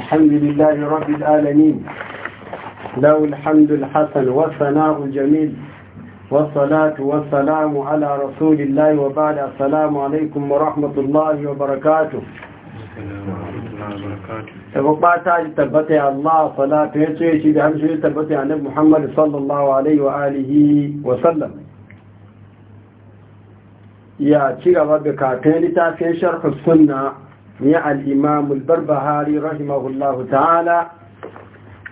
الحمد لله رب العالمين له الحمد الحسن والثناء الجميل والصلاة والسلام على رسول الله وبعد السلام عليكم ورحمة الله وبركاته وبعد تبتع الله صلاة يسويش بحمد تبتع نبي محمد صلى الله عليه وآله وسلم يا تشيغ وبكاتين لتافين شرح السنة يا الإمام البربهاري رحمه الله تعالى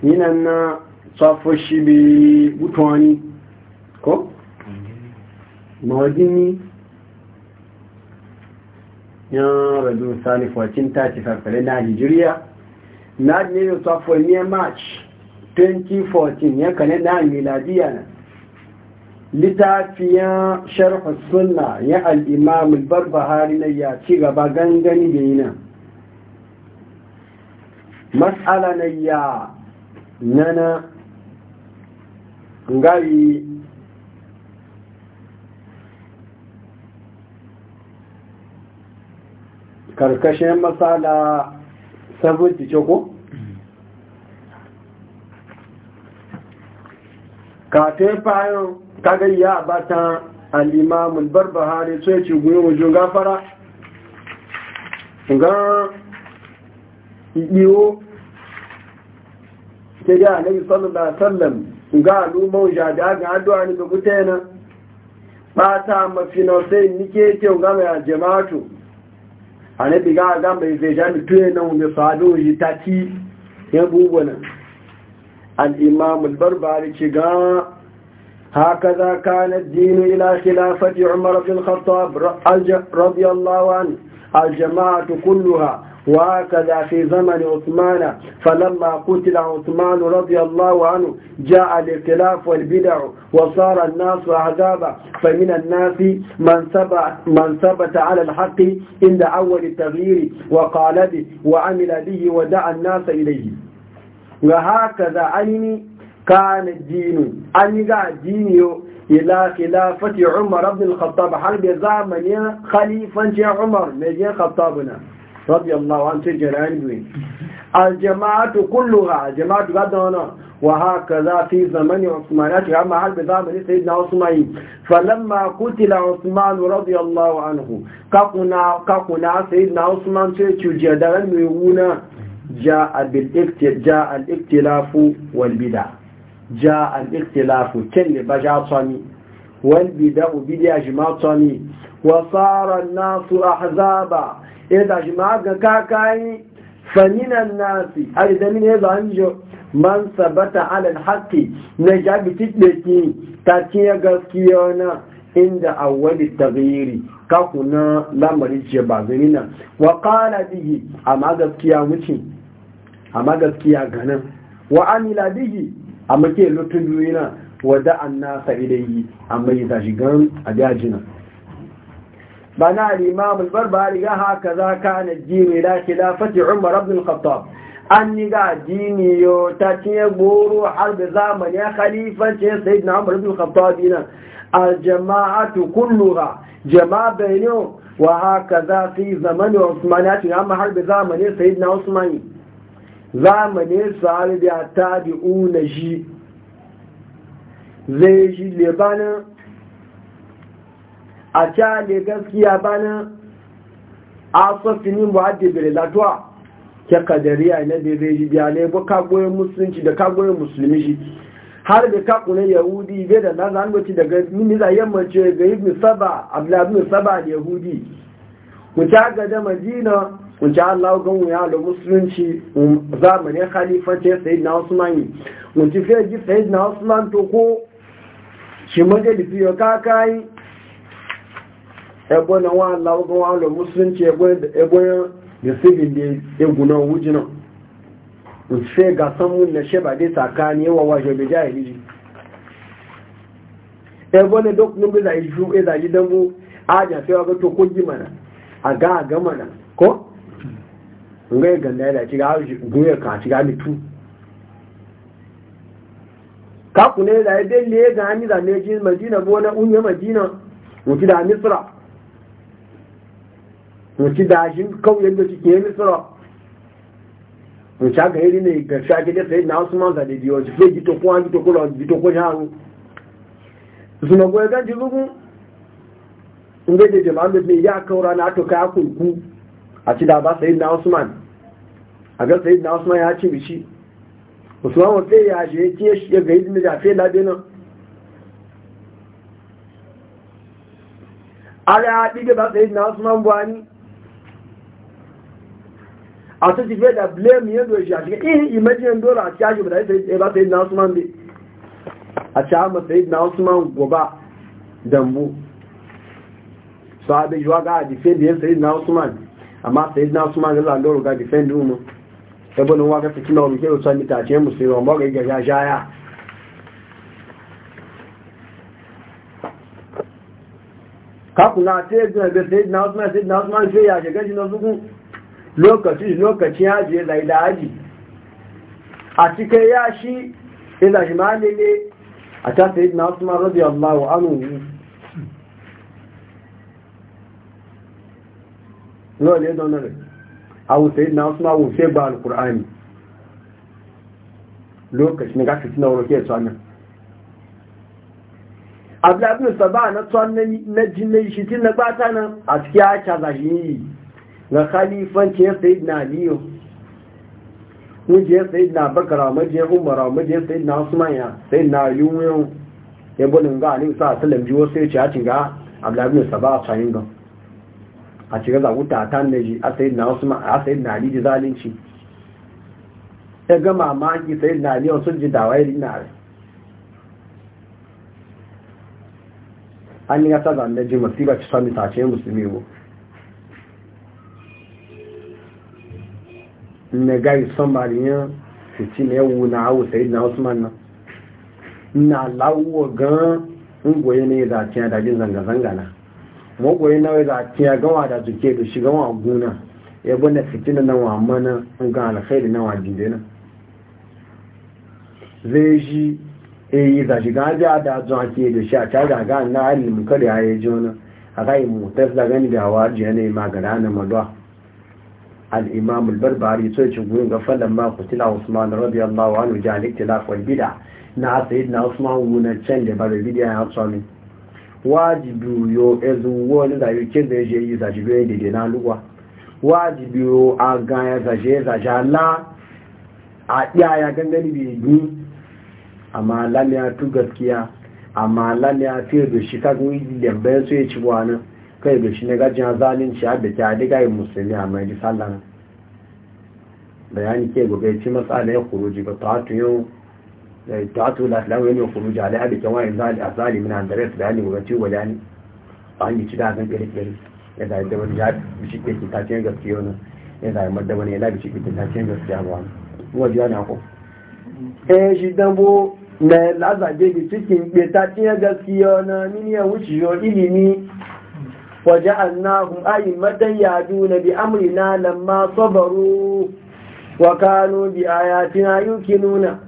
من أن صف الشبي بطواني كو مواديني يا رجل الثالث واتين تاتي فالفلنا هجرية نادني صف المية ماتش 2014 يا كان نعم ميلادية littafiyan sharhu sunna ya al'imam al-barbahari na ya ci gaba gangani da nan, matsala na ya nana gari karkashin matsala 70 ko? kafin fayon kagai ya bata al’imamun imam al-barbahari sai ci guyo wujo gafara ga iyo sai da annabi sallallahu alaihi wasallam ga al'umma ja da ga addu'a ne gute yana bata mafina sai nike ce ga mai jama'atu annabi ga ga mai zai jami tuye na ne sadu yi ki ya bugu al-imam al-barbahari ci ga هكذا كان الدين إلى خلافة عمر بن الخطاب رضي الله عنه الجماعة كلها وهكذا في زمن عثمان فلما قتل عثمان رضي الله عنه جاء الاختلاف والبدع وصار الناس أعذابا فمن الناس من ثبت, من ثبت على الحق عند أول التغيير وقال به وعمل به ودعا الناس إليه وهكذا عيني كان الدين أنيغا دينيو إلى خلافة عمر بن الخطاب حرب زامن خليفة عمر نجي خطابنا رضي الله عنه جلال دوين الجماعة كلها الجماعة قدنا وهكذا في زمن عثمان أما حال بزمن سيدنا عثمان فلما قتل عثمان رضي الله عنه كقنا كقنا سيدنا عثمان سيدنا ميونا جاء جاء الاختلاف والبدع ja al-ikhtilafu kelle ba ja tsami wal bid'u bid'a jima tsami wa sara an-nasu ahzaba idza jima ga kakai faninan nasi ai da mine zanjo man sabata ala al-haqqi na jabi tibeki ta ce gaskiya na inda awwali taghyiri ka kuna lamarin ce ba gani nan wa qala bihi amma gaskiya wuce amma gaskiya ganin wa amila bihi amma ke lutun duniya wadda an nasa idan yi amma yi tashi gan a dajina ba na limamu barbari ga haka za ka na jini da ke da fati umar abin khattab an yi ga jini yo ta ce goro har da zamani khalifance sai na umar abin khattab dinan a jama'atu kullura jama'a bayanin wa haka za su yi zamani usmani a cikin amma har da zamani sai usmani zamanin sa'ar da ta bi una shi zai shi lebanin a cale gaskiya banin asofinin muhaddibir latuwa ke kadariya na da zai shi biya ne bu kagoyin musulunci da kagoyin musulmi shi har da kakunan yahudi bai da na zangoci daga minila yammace ga ibn saba abdullahi saba yahudi ku ta gada madina wuce Allah gan wuya da musulunci zamanin khalifancin sayid na Usman wuce fiye ji na to ko shi maje ebe na wa Allah gan wuya da musulunci ebe da civil da eguna wujinan wuce ga samun na sheba dai tsakani yawa wajen da jahiliji ebe duk zai e a jasewa ga to ko gimana a ga a ko ngai ganda ya ci ga goye ka ci ga mitu ka kune ne da dai le ga ni da meji madina bo na unya madina wuci da misra wuci da shi kauyen da cike misra wuci ga iri ne ga shage da sai na usman da dio ji fe ji to ko an to ko lo ji to ko jaru suna goye ga ji lugu ngai da jama'a da ya kaura na to ka ku ku a ci da ba sayid na usman a ga sayid na usman ya ci bishi usman wace ya shi ya shi ya gayi da jafe la dena ara ya ɗige ba sayid na usman buhari a ta jife da blame yendo shi a shiga ihin imajiyar dole a ciyashi ba da ba sayid na usman bi a ci hama sayid na usman goba dambu sahabi juwa ga a jife da ya na usman amma sai na su ma zalla ga defend mu sai bana wa ga cikin lawo ke so mita ce wa ga ga shaya ka kuna sai ga ga sai na su ma sai na su ma sai ya ga na su lokaci lokaci ya je lai da a cikin yashi ila shi ma ne a ta sai na radiyallahu anhu lọ́wọ́ lé dọ́nà rẹ̀ àwùsẹ̀ ìdínà ọ̀sùnmọ̀ àwùsẹ̀ gba alùkùránì lokacin ga fitina wurin ke tsanan abdullahi saba na tsanan na jinai shi na a cikin aka zahiri ga khalifanci ya a abdullahi a gan a cikin zaguta ta ne ji a sayi na wasu a sayi na ali ji zalinci ya ga mamaki sayi na ali wasu ji na dinare an yi ta na ji masu ci sami tace musulmi mu na gari samariyan fiti na yawu na hau sayi na wasu manna na lawuwa gan ungoye ne a dajin zanga-zanga na magoyi na wai zaki ya gawa da suke da shiga wa guna ya bane fitina na wa mana ga alkhairi na wa dindina zai shi e eh, yi za shiga ja da zuwa ke da shi a ta da ga na alimin kada ya yi ji wani a kai mutar da gani da hawa jiya ne magana na madwa al albarbari so ya ci ga fallan ma tila usman radiyallahu anhu ja al-iktilaf wal bid'a na sayyidina usman wunan can da bar bid'a ya wajibi yo ezu wo ni da yuke da je yi za jibe de de na luwa wajibi yo aga ya za je za jala a ya ya gangani bi ni amma lalle ya tu gaskiya amma lalle ya fi da shi ka gwi da ban so ya e ci wani kai e da shi ne ga gajin zalin shi da e ta diga yi musulmi a mai sallan bayani ke gobe ci matsala ya kuruji ba ta tuyo tatu na lawon yin kuru jale'a da kyanwayin zali min andres bayani gwamnati wajen a hanyar ci dazin kere-kere ya da wani jabi shi ke kitacen gaskiya ne ya zai mada wani ya labi shi ke kitacen gaskiya ba wani wajen yana ku eh shi dambo na lazage bi cikin kitacen gaskiya na miniyan wuce yau ilimi waje an na hun ayin matan yadu na bi amurina lamma sabaru wakano bi a yatina nuna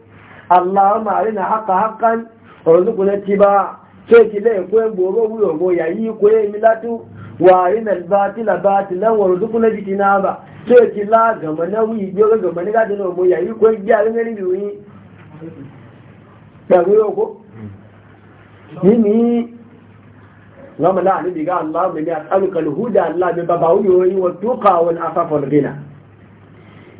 Allahumma arina haqqa haqqan warzuqna ittiba'a sai ki lai ko en boro wuyo go yayi ko en milatu wa arina al-batila batilan warzuqna jitinaba sai ki la gama na wi yo gama ni Allah bi ya aluka al yi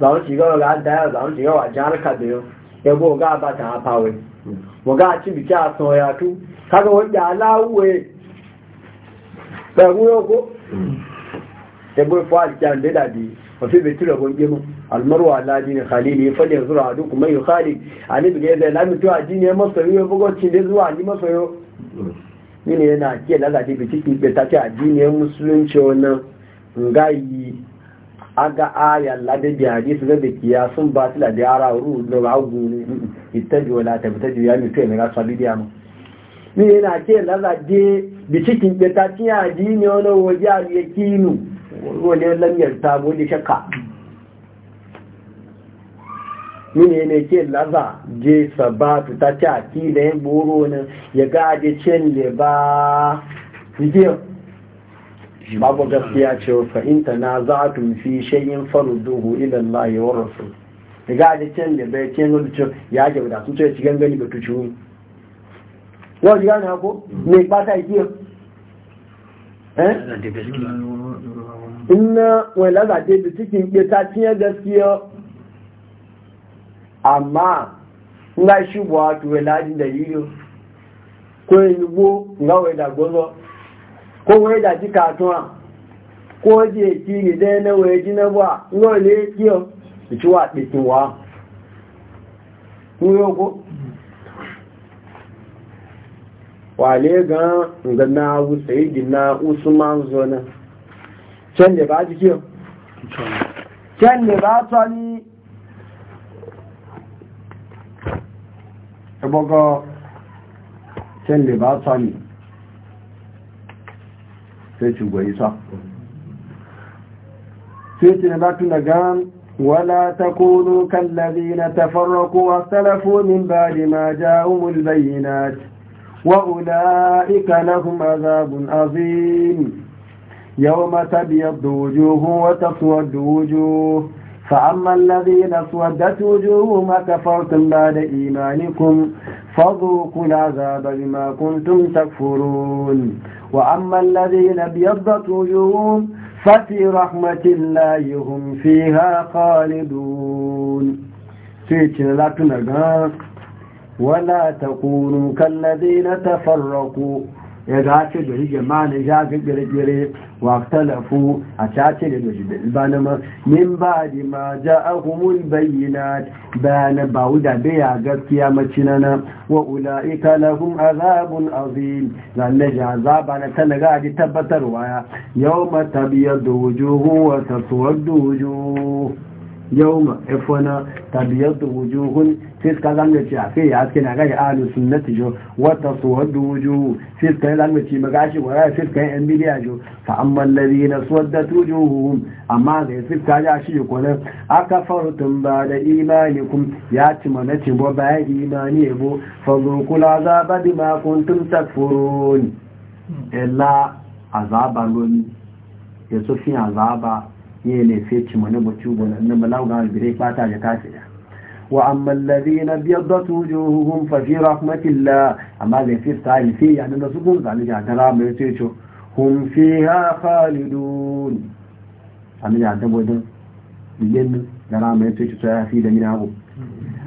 zawon shiga ga shiga jihar kabiru yabo ga ba ta hafawai wa ga ci biki a soyatu kaga wanda alawuwe da dabi mu almarwa aladi ne khalili ya fadin zura a duk mai yukhali a ne biga yadda lami tuwa ji ne bugo ci de zuwa ni masoyo ni ne yana ke lalace biki ki ta ce addiniyar musulunci wannan ngayi aga aya lade bi hadisi ga da kiya sun ba su lade ara ru da ba gu ne ittaji wala tabtaji ya mi kai e ga sabi dia mu ni yana ke laza de bi cikin be ta ti adini wala waje al yakinu e wala lam yarta bo di shakka ni ne ne ke laza je sabatu ta ta ki da boro ne ya ga je chen le ba video babu gaskiya ce na za tanaza'tum fi shay'in farudduhu ila Allah wa rasul daga da can da bai can da ce ya ga da su ce cikin gani ba tuci yau ji gane hako? me ba ta yi eh Ina wala za ta bi cikin ke ta cinye gaskiya amma nga shi bo atu wala da yiyo ko yiwo nga wai da gozo ko wai da ji katuwa ko je kiri na waye ji na ba ngo le kiyo ci wa dikin wa ku yo gan na wu sayidi na usman zona can ne ba ji kiyo can ne ba tsani ebogo sai ci gwai sa sai ci na batu na gan wala ta kono kan lalle na ta farra kowa talafonin ba da ma ja umul bayyana wa ula ika na kuma zabun azin yau mata biyar da wujo kuma ta suwar da wujo فأما الذين اسودت وجوههم كفرتم بعد إيمانكم فذوقوا العذاب بما كنتم تكفرون وأما الذين ابيضت وجوههم ففي رحمة الله هم فيها خالدون سيتنا لا ولا تكونوا كالذين تفرقوا ya gace da rige mana ya ga gire-gire wa talafu a cace da doshi da ma min ba di ma ja ahumul bayyana bayana ba wuda biya gaskiya na wa ula'ika lahum azabun azim lalle ja azaba na ta a ji tabbatarwa yau mata da wujuhu wa tattuwar da wujuhu yawma ifona tabiyatu wujuhun fiska kalam ce a sai ya ke na gari ahlu sunnati jo wata suwaddu wujuhu kalam zanga ci magashi wa ya fiska yan bidiya jo fa amma alladhina suwaddat wujuhum amma ga fiska ja shi ko nan akafartum ba da imanikum ya ci mana ci bo ya imani bo fa zuqul azaba bima kuntum takfurun illa azaba loni yaso azaba yeye ne feci mana mutu bona nan malawu ga albire fata ya kafira wa amma alladhina biyaddat wujuhuhum fa fi rahmatillah amma zai fi sai fi ya nan su gun zalika ya dara mai techo hum fiha khalidun amma ya dabo din yin da ramai techo ya fi da mina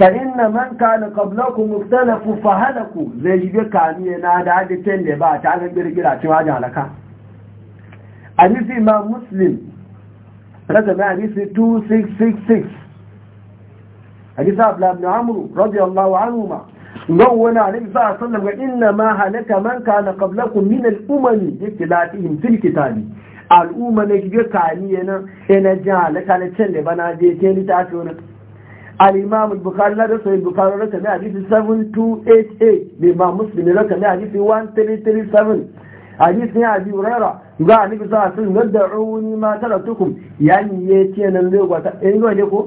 فإن من كان قبلكم مختلف فهلكوا زي جيبه كاني نادى هذه تنده با تعالى برجلا تواجع لك حديث إمام مسلم رقم حديث 2666 حديث عبد الله بن عمرو رضي الله عنهما نونا عليه صلى الله عليه وسلم إنما هلك من كان قبلكم من الأمم اختلافهم في الكتاب الأمم نجيبه كاني أنا جعلك على تنده بنا دي تنده تعالى al-imam al-bukhari na da sai bukhari da kamar hadisi 7288 bai ba muslim da kamar hadisi 1337 hadisi ya bi rara ga annabi sallallahu alaihi wasallam da ruuni ma taratukum yani yace nan lewata in ga ne ko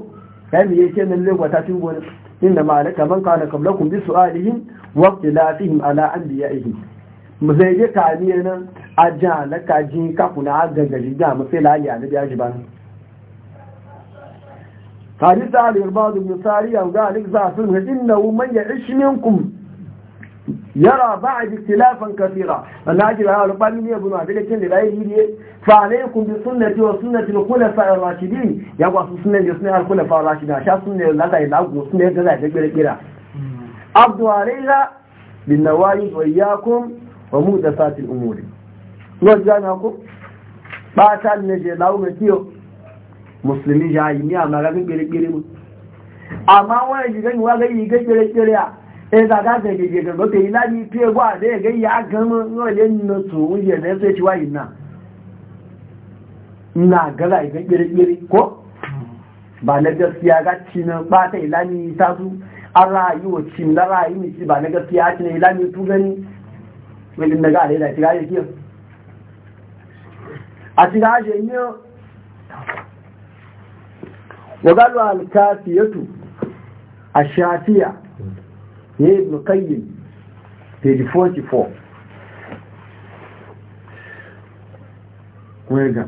yani yace nan lewata tun gobe inda malaka man kana kablakum bi su'alihim wa ikhtilafihim ala anbiya'ihim muzaje kaniyan ajala kajin kafuna gagaji da musila ya ne biya jiban hadisa al-irbad ibn sariya ga al a sun innahu man ya'ish minkum yara ba'd ikhtilafan kathira al-ajil al-albani ne ibn abi lakin da yayi ne fa alaykum bi sunnati wa sunnati al-khulafa ar-rashidin ya wa sunnati sunnati al-khulafa ar-rashidin sha sunnati la ga ila go sunnati da da kira kira abdu alayla bin nawayi wa iyyakum wa mu da satin wa jana ku ba ta ne je lawo kiyo musulmi ya ni amma gagin kere-kere mu amma wani jigan wa gayi ga kere-kere a e za ga ta ga ga ga yi lani fiye gwa da ya gayi a gama nwale na tsohon ya na yaso ya ci wayi na na gaza ga kere-kere ko ba na gaskiya ga ci na bata ilani ta su an rayu wa ci na rayu mai ci ba na gaskiya ci na ilani tu gani wani na ga alaida ci ga ya kiyar a ci ga ya yi وقالوا الكافية الشافية هي ابن قيم page 44 ويقع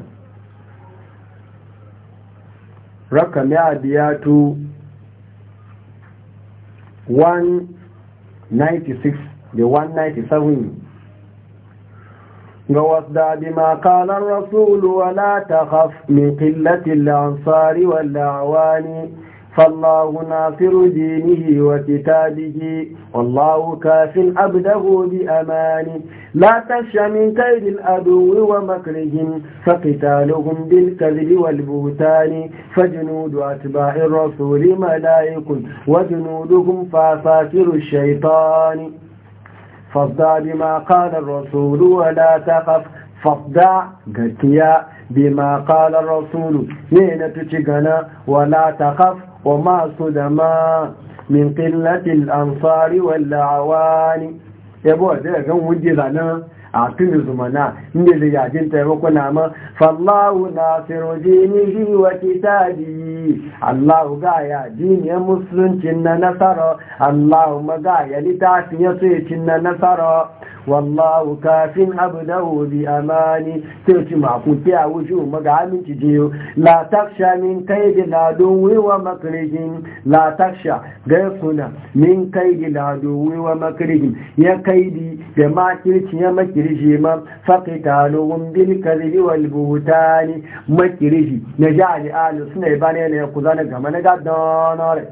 رقم يا يعديات 196 the 197 دا بما قال الرسول ولا تخف من قلة الأنصار والأعوان فالله ناصر دينه وكتابه والله كاف أبده بأمان لا تخشى من كيد الأدو ومكرهم فقتالهم بالكذب والبهتان فجنود أتباع الرسول ملائك وجنودهم فافاكر الشيطان فاصدع بما قال الرسول ولا تخف فاصدع قتيا بما قال الرسول نينة تشغنا ولا تخف وما صدما من قلة الأنصار واللعوان يبوه ده كان وجه ذانا a tuni zumana inda zai yajin taimako na ma fallahu na firojinihi wa kitabi allahu ga ya jiniyar musuluncin na nasara allahu ma ga ya littafin ya tsoyacin na nasara wallahu kafin abu da hobi amani sai ci maku kiya wuce ma ga aminci jiyo la taksha min kaidi na don wiwa makirijin la taksha ga kuna min kaidi na don wiwa ya kaidi da makirci ya makirci makirji ma faqitaluhum bil kadhibi wal buhtani makirji na ja'ali ahli sunna bane ne ku zana gama na gadonore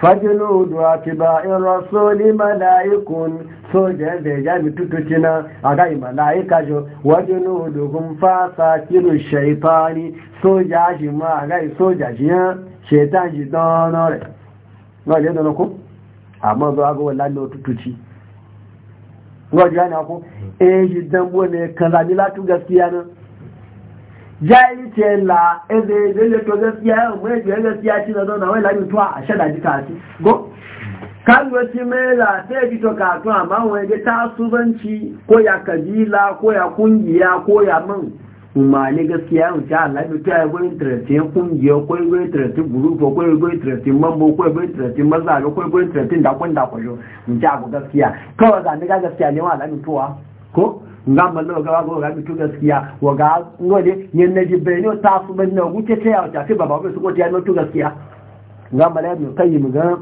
fajiludu atiba'in rasuli malaikun sojan da ya mi tutucina a ga malaika jo wajiludu kun fasa kiru shaitani soja shi ma a ga soja shi ya shaitan shi donore. Wọ́n lè dánakú, àmọ́ ọgbọ́ agbọ́wọ́ lálẹ́ òtútù ci. wajen yana ko eh shi dambo ne kaza ni latu gaskiya nan yi ce la eze eh, zele to gaskiya yau eh, mai biyar gaskiya ci na zauna wai lamin tuwa a shada ji kasu go kan ti me la sai ji to kasu ma, wani ta subanci ko ya kabila ko ya kungiya ko ya man kuma ne gaskiya mu ta Allah bi ta go interest ya kungiya kwai gwai interest gurufa kwai gwai interest mambo kwai gwai interest maza kwai gwai interest da dakwajo da ji abu gaskiya kawai zane ne ga gaskiya ne wa ala bi towa ko nga mallo ga ga ga bi to gaskiya wa ga ngode yen na jibe ne ta su ban na wuce ta ya ta fi baba su ko ta no to gaskiya nga mallo ne kai mu ga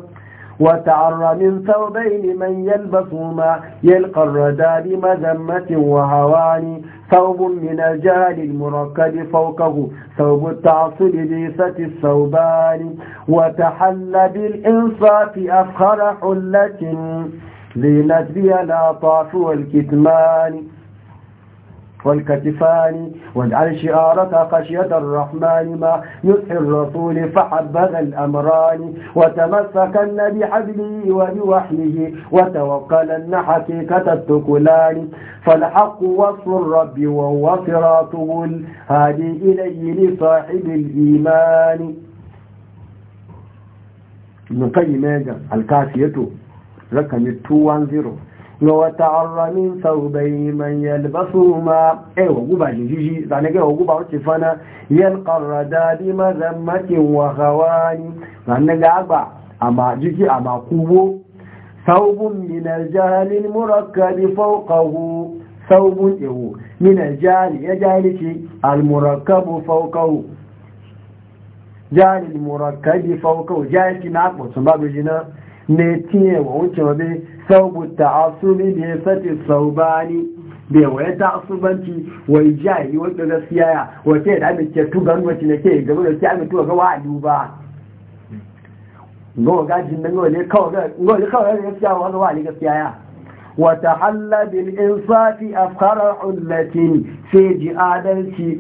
وتعرى من ثوبين من يلبسهما يلقى الردى بمذمة وهوان ثوب من الجهل المركب فوقه ثوب التعصب ليسة الثوبان وتحل بالإنصاف أفخر حلة زينت بها الأطاف والكتمان والكتفان واجعل شعارك خشية الرحمن ما يسحي الرسول فحبذا الأمران وتمسكن بحبله وبوحيه وتوكلن حقيقة التكلان فالحق وصف الرب وهو صراطه الهادي إليه لصاحب الإيمان من قيمة الكافية رقم 210 ni wọ́n tààrà ní sọ́gbẹ̀ ìmọ̀ yẹlbáfúnmá ẹwọ̀ gúbà jíjí zanigẹ́ ọgúbà ó ti fánà yẹlkọ̀rọ̀ dáadí faukahu. mọ́kí wọ́hawáni zanigẹ́ àgbà jíjí àmàkúwó sọ́gbùn minajáàlì ní múrọ̀kàbí fọ́ukọ̀wó saubu ta'asuli da ya sace saubani da ya waya ta'asubanci wai jahi wanda gaskiya ya wace da amince tugan wace na ke gaba da ke amince ga wa'adu ba gowa gajin nan ne kawai kawai gaskiya wa ga wa'adu gaskiya ya وتحلى بالإنصاف أفخر علة في جهاد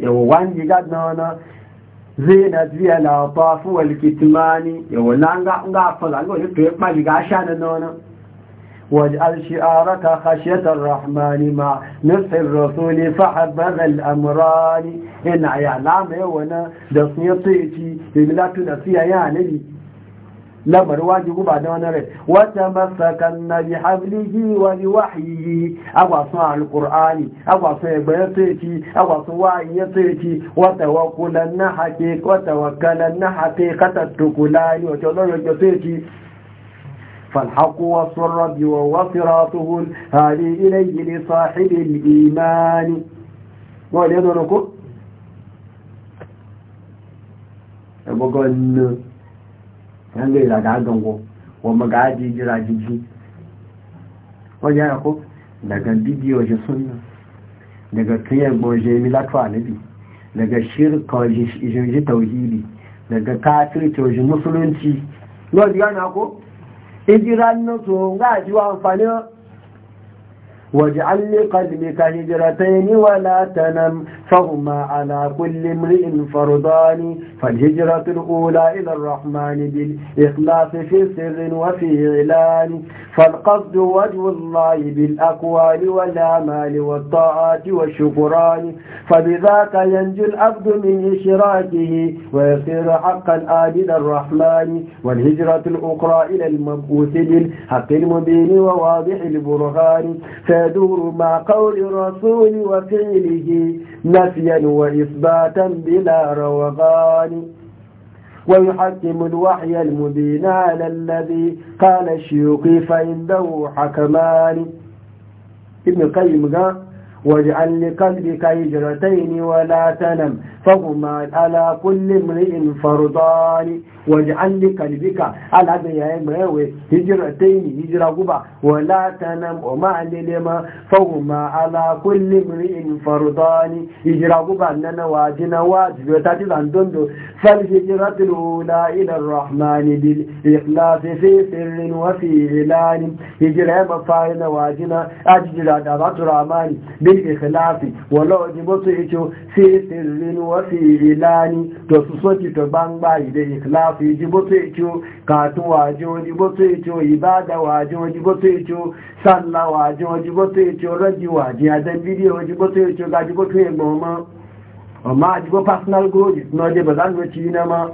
وان جهاد نانا زينت بها العطاف والكتمان يولان غا فلان غا ga لغا na نانا واجعل شعارك خشية الرحمن مع نصح الرسول فحبذ الأمران إن عيان عام يوانا دصني طيتي إبلاك نصيح يا نبي lamar wajibu ba da wani rai wata masakan na bi hablihi wa bi wahyihi agwasun alqur'ani agwasun egbaye teki agwasun wahiye teki wata wakulan na haqiqata wakalan na haqiqata tukulani wata lọ́rọ̀ teki فالحق وصف الرب وصراطه هذه إليه لصاحب الإيمان نقول abogon yan ga ila ga gango wa magaji jira jiji wajen yana ko daga bidiyo shi sunna daga kiyan goje milatu alibi daga shirka shi tauhidi daga kafirci shi musulunci yau ko 既然能做，我就要做了。واجعل لقدمك هجرتين ولا تنم فهما على كل امرئ فرضان فالهجرة الأولى إلى الرحمن بالإخلاص في سر وفي علان فالقصد وجه الله بالأقوال والأعمال والطاعات والشكران فبذاك ينجو العبد من إشراكه ويصير حقا عابد الرحمن والهجرة الأخرى إلى المبعوث بالحق المبين وواضح البرهان تدور مع قول الرسول وفعله نفيا وإثباتا بلا روغان ويحكم الوحي المبين على الذي قال الشيوخ فعنده حكمان ابن القيم قال واجعل لقلبك هجرتين ولا تنم فهما على كل امرئ فرضان waje an li kalbika ala yayin mai yawai hijira ta yi hijira guba wala ta nan o ma an lema ma ala kulli mri'in fardani hijira guba na na waje na waji ta ci zandondo fal hijira tulula ila rahmani bil ikhlasi fi sirrin wa fi ni hijira ya mafari na waji na jira da tura ramani bil ikhlasi wala wajibatu ito fi sirrin wa fi ni to su soki to bangba ide ikhlasi ikhlasi ji bo sai ciyo katu wajo ji bo sai ciyo ibada jí bó tó sai ciyo salla wajo ji bo sai ciyo raji waji adan bidiyo ji bo sai ciyo gaji bo sai goma amma ji bo personal growth no je bazan go ci na ma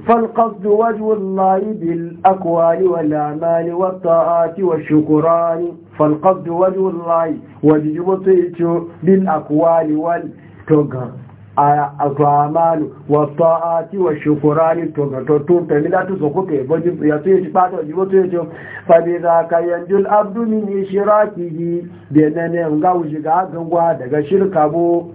فالقصد, وجه الله بالأقوال والأعمال والطاعات والشكران فالقصد وجه الله وجه بطيته بالأقوال والأعمال toga aya alfamanu wa taati wa shukurani toga to tunta ni datu zokoke boji ya tuye chipato jibote yo fa bi za kayan jul abdu min ishrakihi de nene nga uji ga gangwa daga shirka bo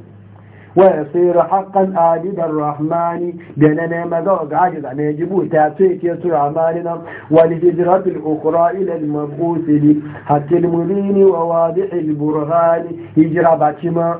wa yasiru haqqan ali dar rahmani de nene ma ga ga ji da ne jibu ta tuye ke su rahmani nan? Wani li hijratil ukhra idan al mabghuth li hatta al mulini wa wadi al burhani hijra bachima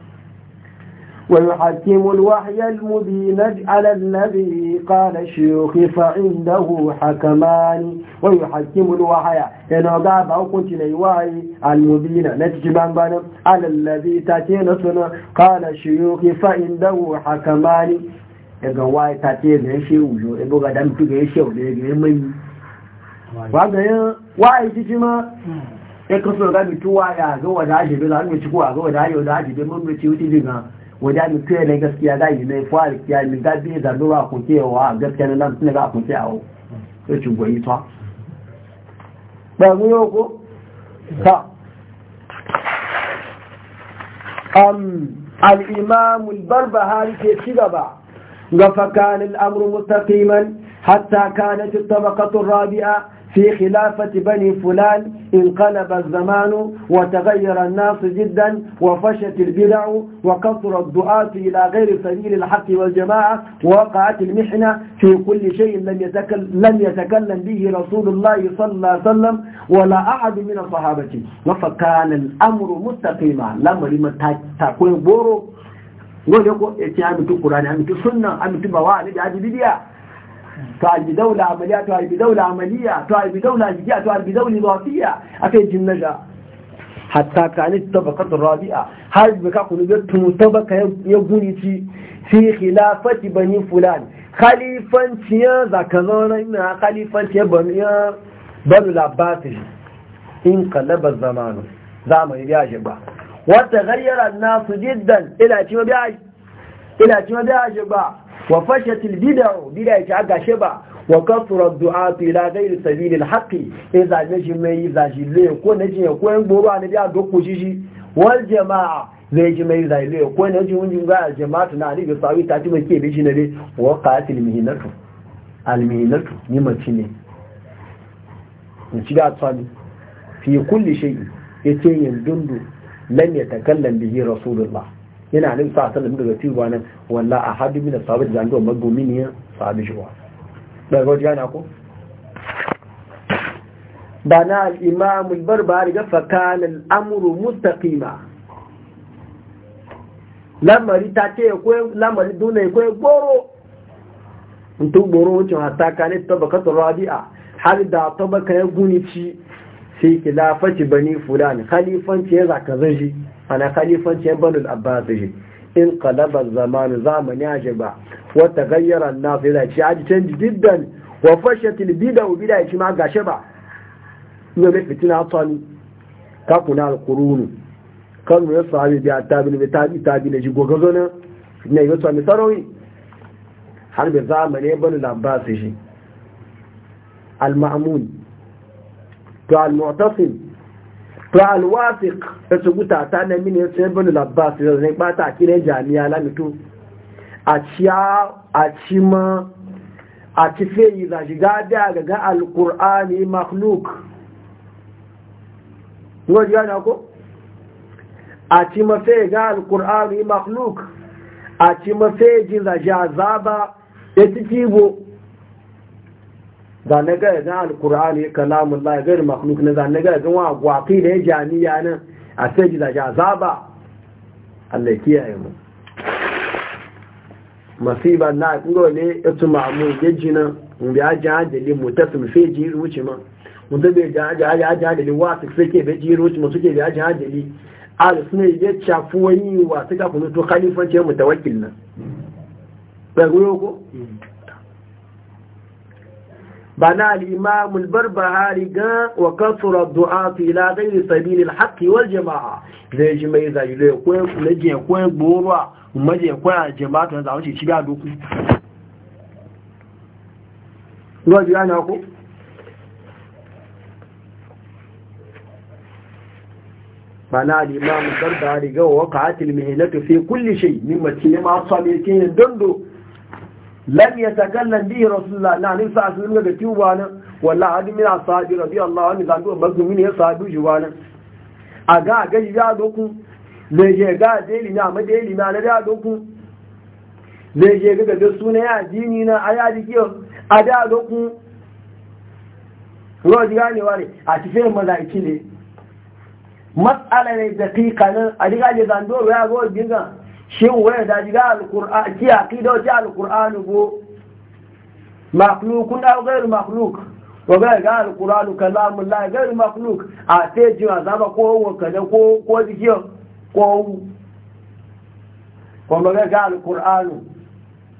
ويحكم الوحي المبين على الذي قال الشيوخ فعنده حكمان ويحكم الوحي هنا غاب او كنت ليواي المبين نتجبان بان على الذي تاتينا سنة قال الشيوخ فعنده حكمان daga waye ta ce da shi wujo ebo ga dan ya shewu da ya mai wa ya waye jiji ma ya ga mituwa ya ga wada shi bi za mu ci ko ga wada yau da shi bi mun ci wajen mutu ne gaskiya ga yi mai fara kiya ni ga bi da ruwa ku cewa gaskiya na nan tun ga ku cewa to ci goyi ta ba mu yo ko ta am al imam al barbahari ke ci gaba ga fakan al amru mustaqiman hatta kanat al tabaqatu rabi'a في خلافة بني فلان انقلب الزمان وتغير الناس جدا وفشت البدع وكثر الدعاة إلى غير سبيل الحق والجماعة ووقعت المحنة في كل شيء لم يتكلم, لم يتكلم به رسول الله صلى الله عليه وسلم ولا أحد من الصحابة وفكان الأمر مستقيما لما لما تكون بورو wani ko ya ce amintu ƙurani amintu sunnan amintu bawa ne da hajji bidiya تعال بدولة عملية تعال بدولة عملية تعال بدولة جديدة تعال بدولة إضافية أكيد جنجا حتى كانت الطبقة الرابعة هل بكاكو نبتهم طبقة يبوني في في خلافة بني فلان خليفة يا زكران إنها خليفة يا بني بنو العباس انقلب الزمان زمن بيعجبا وتغير الناس جدا إلى كما بيعجبا إلى كما بيعجبا wa fashatil ya bid'a ta gashe ba wa kasura du'a ila ghairi sabilil haqqi idza naji mai zaji le ko naji ko en gboro anabi a dokko shishi wal jama'a zai ji mai zai le ko naji mun ga jama'a na a bi sawi ta ti mai ke bi shi ne wa qatil mihinatu al mihinatu ni mace ne ni ci da tsani fi kulli shay'in yace yin dundu lan yatakallam bihi rasulullah yana nan sa sallam daga tiwa nan walla hadu mina ashabi da ando magumi ne sahabi shi wa daga wajen yana ko da na al-imam al-barbari ga fakan al-amru mustaqima lamari ta ce ko lamari dunai ko goro mutum goro wucin hatta kane tabakatul rabi'a har da tabaka ya guni ci sai khilafaci bani fulani khalifanci ya zaka zaji ana khalifancin banul abbas shi in qalaba zamanu zamani ajaba ba wa taghayyara an-nas ila shi aji canji diddan wa fashatil bida wa bid'a shi ma gashe ba ne mai fitina tsani ka kuna al-qurun kan mu yasa bi biya bi tabi tabi ne shi gogazo ne ne yoto mi sarawi har bi zamani banul abbas shi al-ma'mun to al-mu'tasim to alwasik ya ta na mini ya tsaye bata jami'a lamito a ciya ma za ga makhluk ngo ma feyi ga makhluk a ma feyi za shi azaba da na ga ga alqur'ani kalamullah gair makhluq gari da na ga ga wa gwaki da ya jami'a nan a sai ji da zaba Allah kiyaye mu masiba na kungo ne etu mamu yejina mbi mota su mutasim feji ruci ma mota bai ja aja aja aja wa su fike bai ji ruci ma suke be aja ajali al sune ya cafi wani wa suka kunu to kalifanci ya mutawakil na ba ko mm. bana al’imamun barbahari ga wa kasurar du'a fi ladar yi sabilin haƙƙi wa jama'a zai ji mai zai zai kwayan kula jiya kwayan gboruwa maje kwayan jama'a ta zama ce shiga doku bana al’imamun barbahari ga wa kawatin mahinatu sai kulle shai nimacin ya masu abin kenyar dondo lam yatakallam bihi rasulullah na ne sa sun ga tuba nan wallahi hadin min ashabi radiyallahu anhu zan duba bazu min ya sahabi juwa nan aga ga ya doku le je ga deli na ma deli na da doku le je ga ga suna ya dini na aya dikiyo ada doku ruwa diga ne ware a cikin malaiki ne mas'ala ne daqiqa nan a diga je zan duba ya go dinga shin wani da shiga alkur'an ki aqida ta alkur'an go makhluk na ghairu makhluk wa ba ga alkur'an kalamu la ghairu makhluk a te ji ma zaba ko waka da ko ko dikiyo ko ko ba ga alkur'an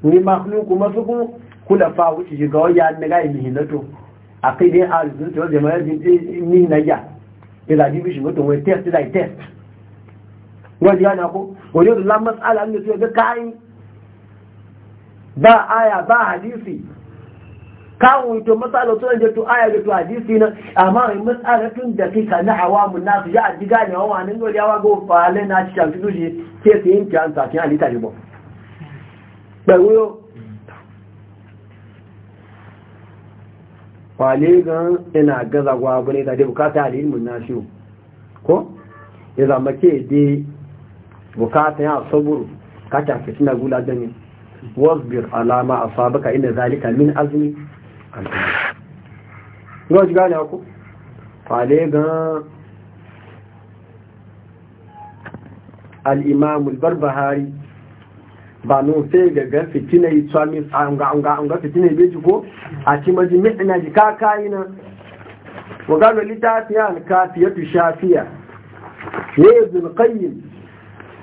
ni makhluk ma su ku kula fa wuce shiga ya ne ga yi hinato aqida al-sunnah wal jama'a ni na ya ila dibi shi mutum wai test like test wani gane ko wani yadda lamar tsala ne su ga kayan ba aya ba hadisi kawo ito matsala su da to aya da to hadisi na amma mai matsala tun da kika na awamun nasu ya aji gane wa wani yau yawa ga wafalai na cikin su shi ke su yin kiyan sakin halitta ne ba ɓaruyo kwale gan ina gaza gwa abu ne da dai bukata da ilmin nasu? ko ya zama ke dai bukata ya saburu ka ta fitina gula gani. wasbir alama a sabuka inda zalika min azumi. yau ji gane ku fale ga al barbahari ba nun sai ga ga fitina yi tsami an ga an ga an fitina yi ko a ci maji mi'na ji ka kai na wa gano littafiya al-kafiyatu shafiya ne zulkayin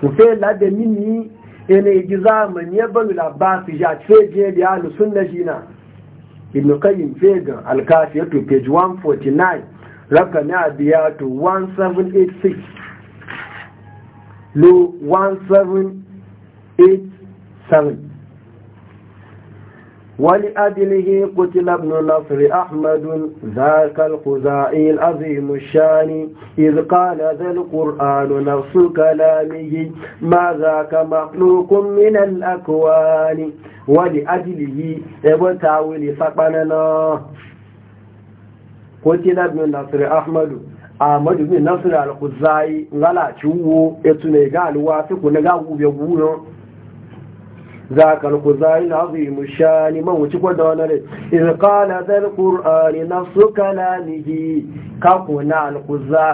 la lada mini yana yi zamani ya bari labasi ya ce je da ya lusun na shi na ibn qayyim fegan alkafi ya to page 149 raka na biya to 1786 lo 1787 ولأجله قتل ابن نصر أحمد ذاك الخزائي العظيم الشان إذ قال ذا القرآن نفس كلامه ما ذاك مخلوق من الأكوان ولأجله ابتاول فقننا قتل ابن نصر أحمد Ahmadu bin Nasir al-Khuzai ngala ciwo etu ne ga alwa fi ku na ga gube guyon za ka ruku za yi nazu yi mushani man wuce kwanda wani rai isa kala zai ƙur'ani na su kala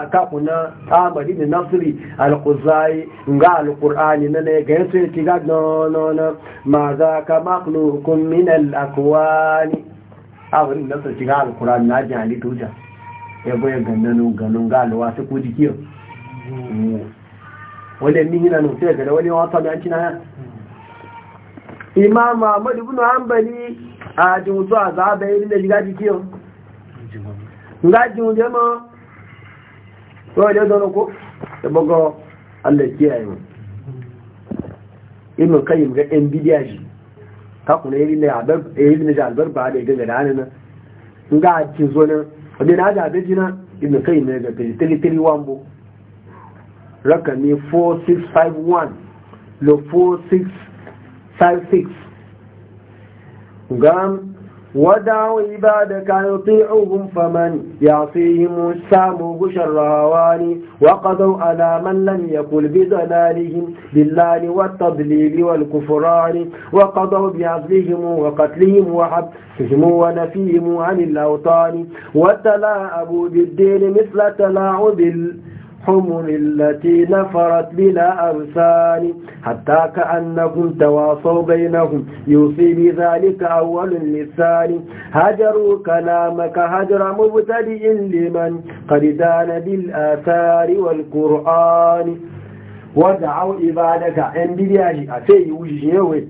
kakuna tamari da nasiri alkuzayi ga alkur'ani na ne ga yasu yake ga nonona ma za ka maklukun minal akwani abin da su shiga alkur'ani na jihali tuja yabo ya gannanu ganin galuwa su ku jikiyar wadannan yana nufi ya gada wani wasa da an cina imam Muhammad ibn Hanbali a jinsu e a zaɓe irin e da shiga jikin ngajin jama wale zaune ko da bago Allah kiyaye mu ibn yi ga yan bidiya shi ka irin da irin da albar ba da gaga da nan nga cin zo nan wanda na da abeji na ibn kayyim ga page 331 bo rakami 4651 lo 46 5-6 قام ودعوا عبادك يطيعوهم فمن يعصيهم السامه شر هواني وقضوا على من لم يقل بضلالهم باللال والتضليل والكفران وقضوا بعزلهم وقتلهم وحبسهم ونفيهم عن الأوطان وتلاعبوا بالدين مثل تلاعب حمر التي نفرت بلا أرسال حتى كأنهم تواصوا بينهم يوصي بذلك أول للثاني هجروا كلامك هجر مبتدئ لمن قد دان بالآثار والقرآن ودعوا إبادك ان بدياجي أفي وجيوه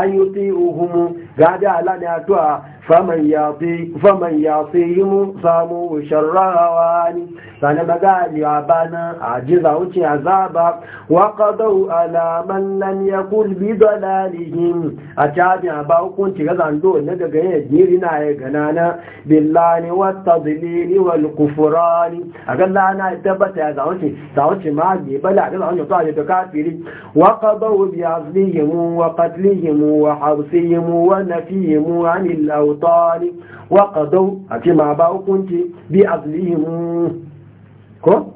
أن يطيئهم توا على ناتوا فمن يعطيهم صاموا شر هواني بانا مغالي وابانا عجزة وچي عذابا وقضوا على من لم يقول بضلالهم اتعابي عباو كنت غزان دول ندق يدنيرنا يغنانا بالله والتضليل والكفران اقل انا اتبت يا زعوتي زعوتي ما بلا اقل انا طالي تكافري وقضوا بعزلهم وقتلهم وحرسهم ونفيهم عن الاوطان وقضوا اتي ما باو كنت بعزلهم ko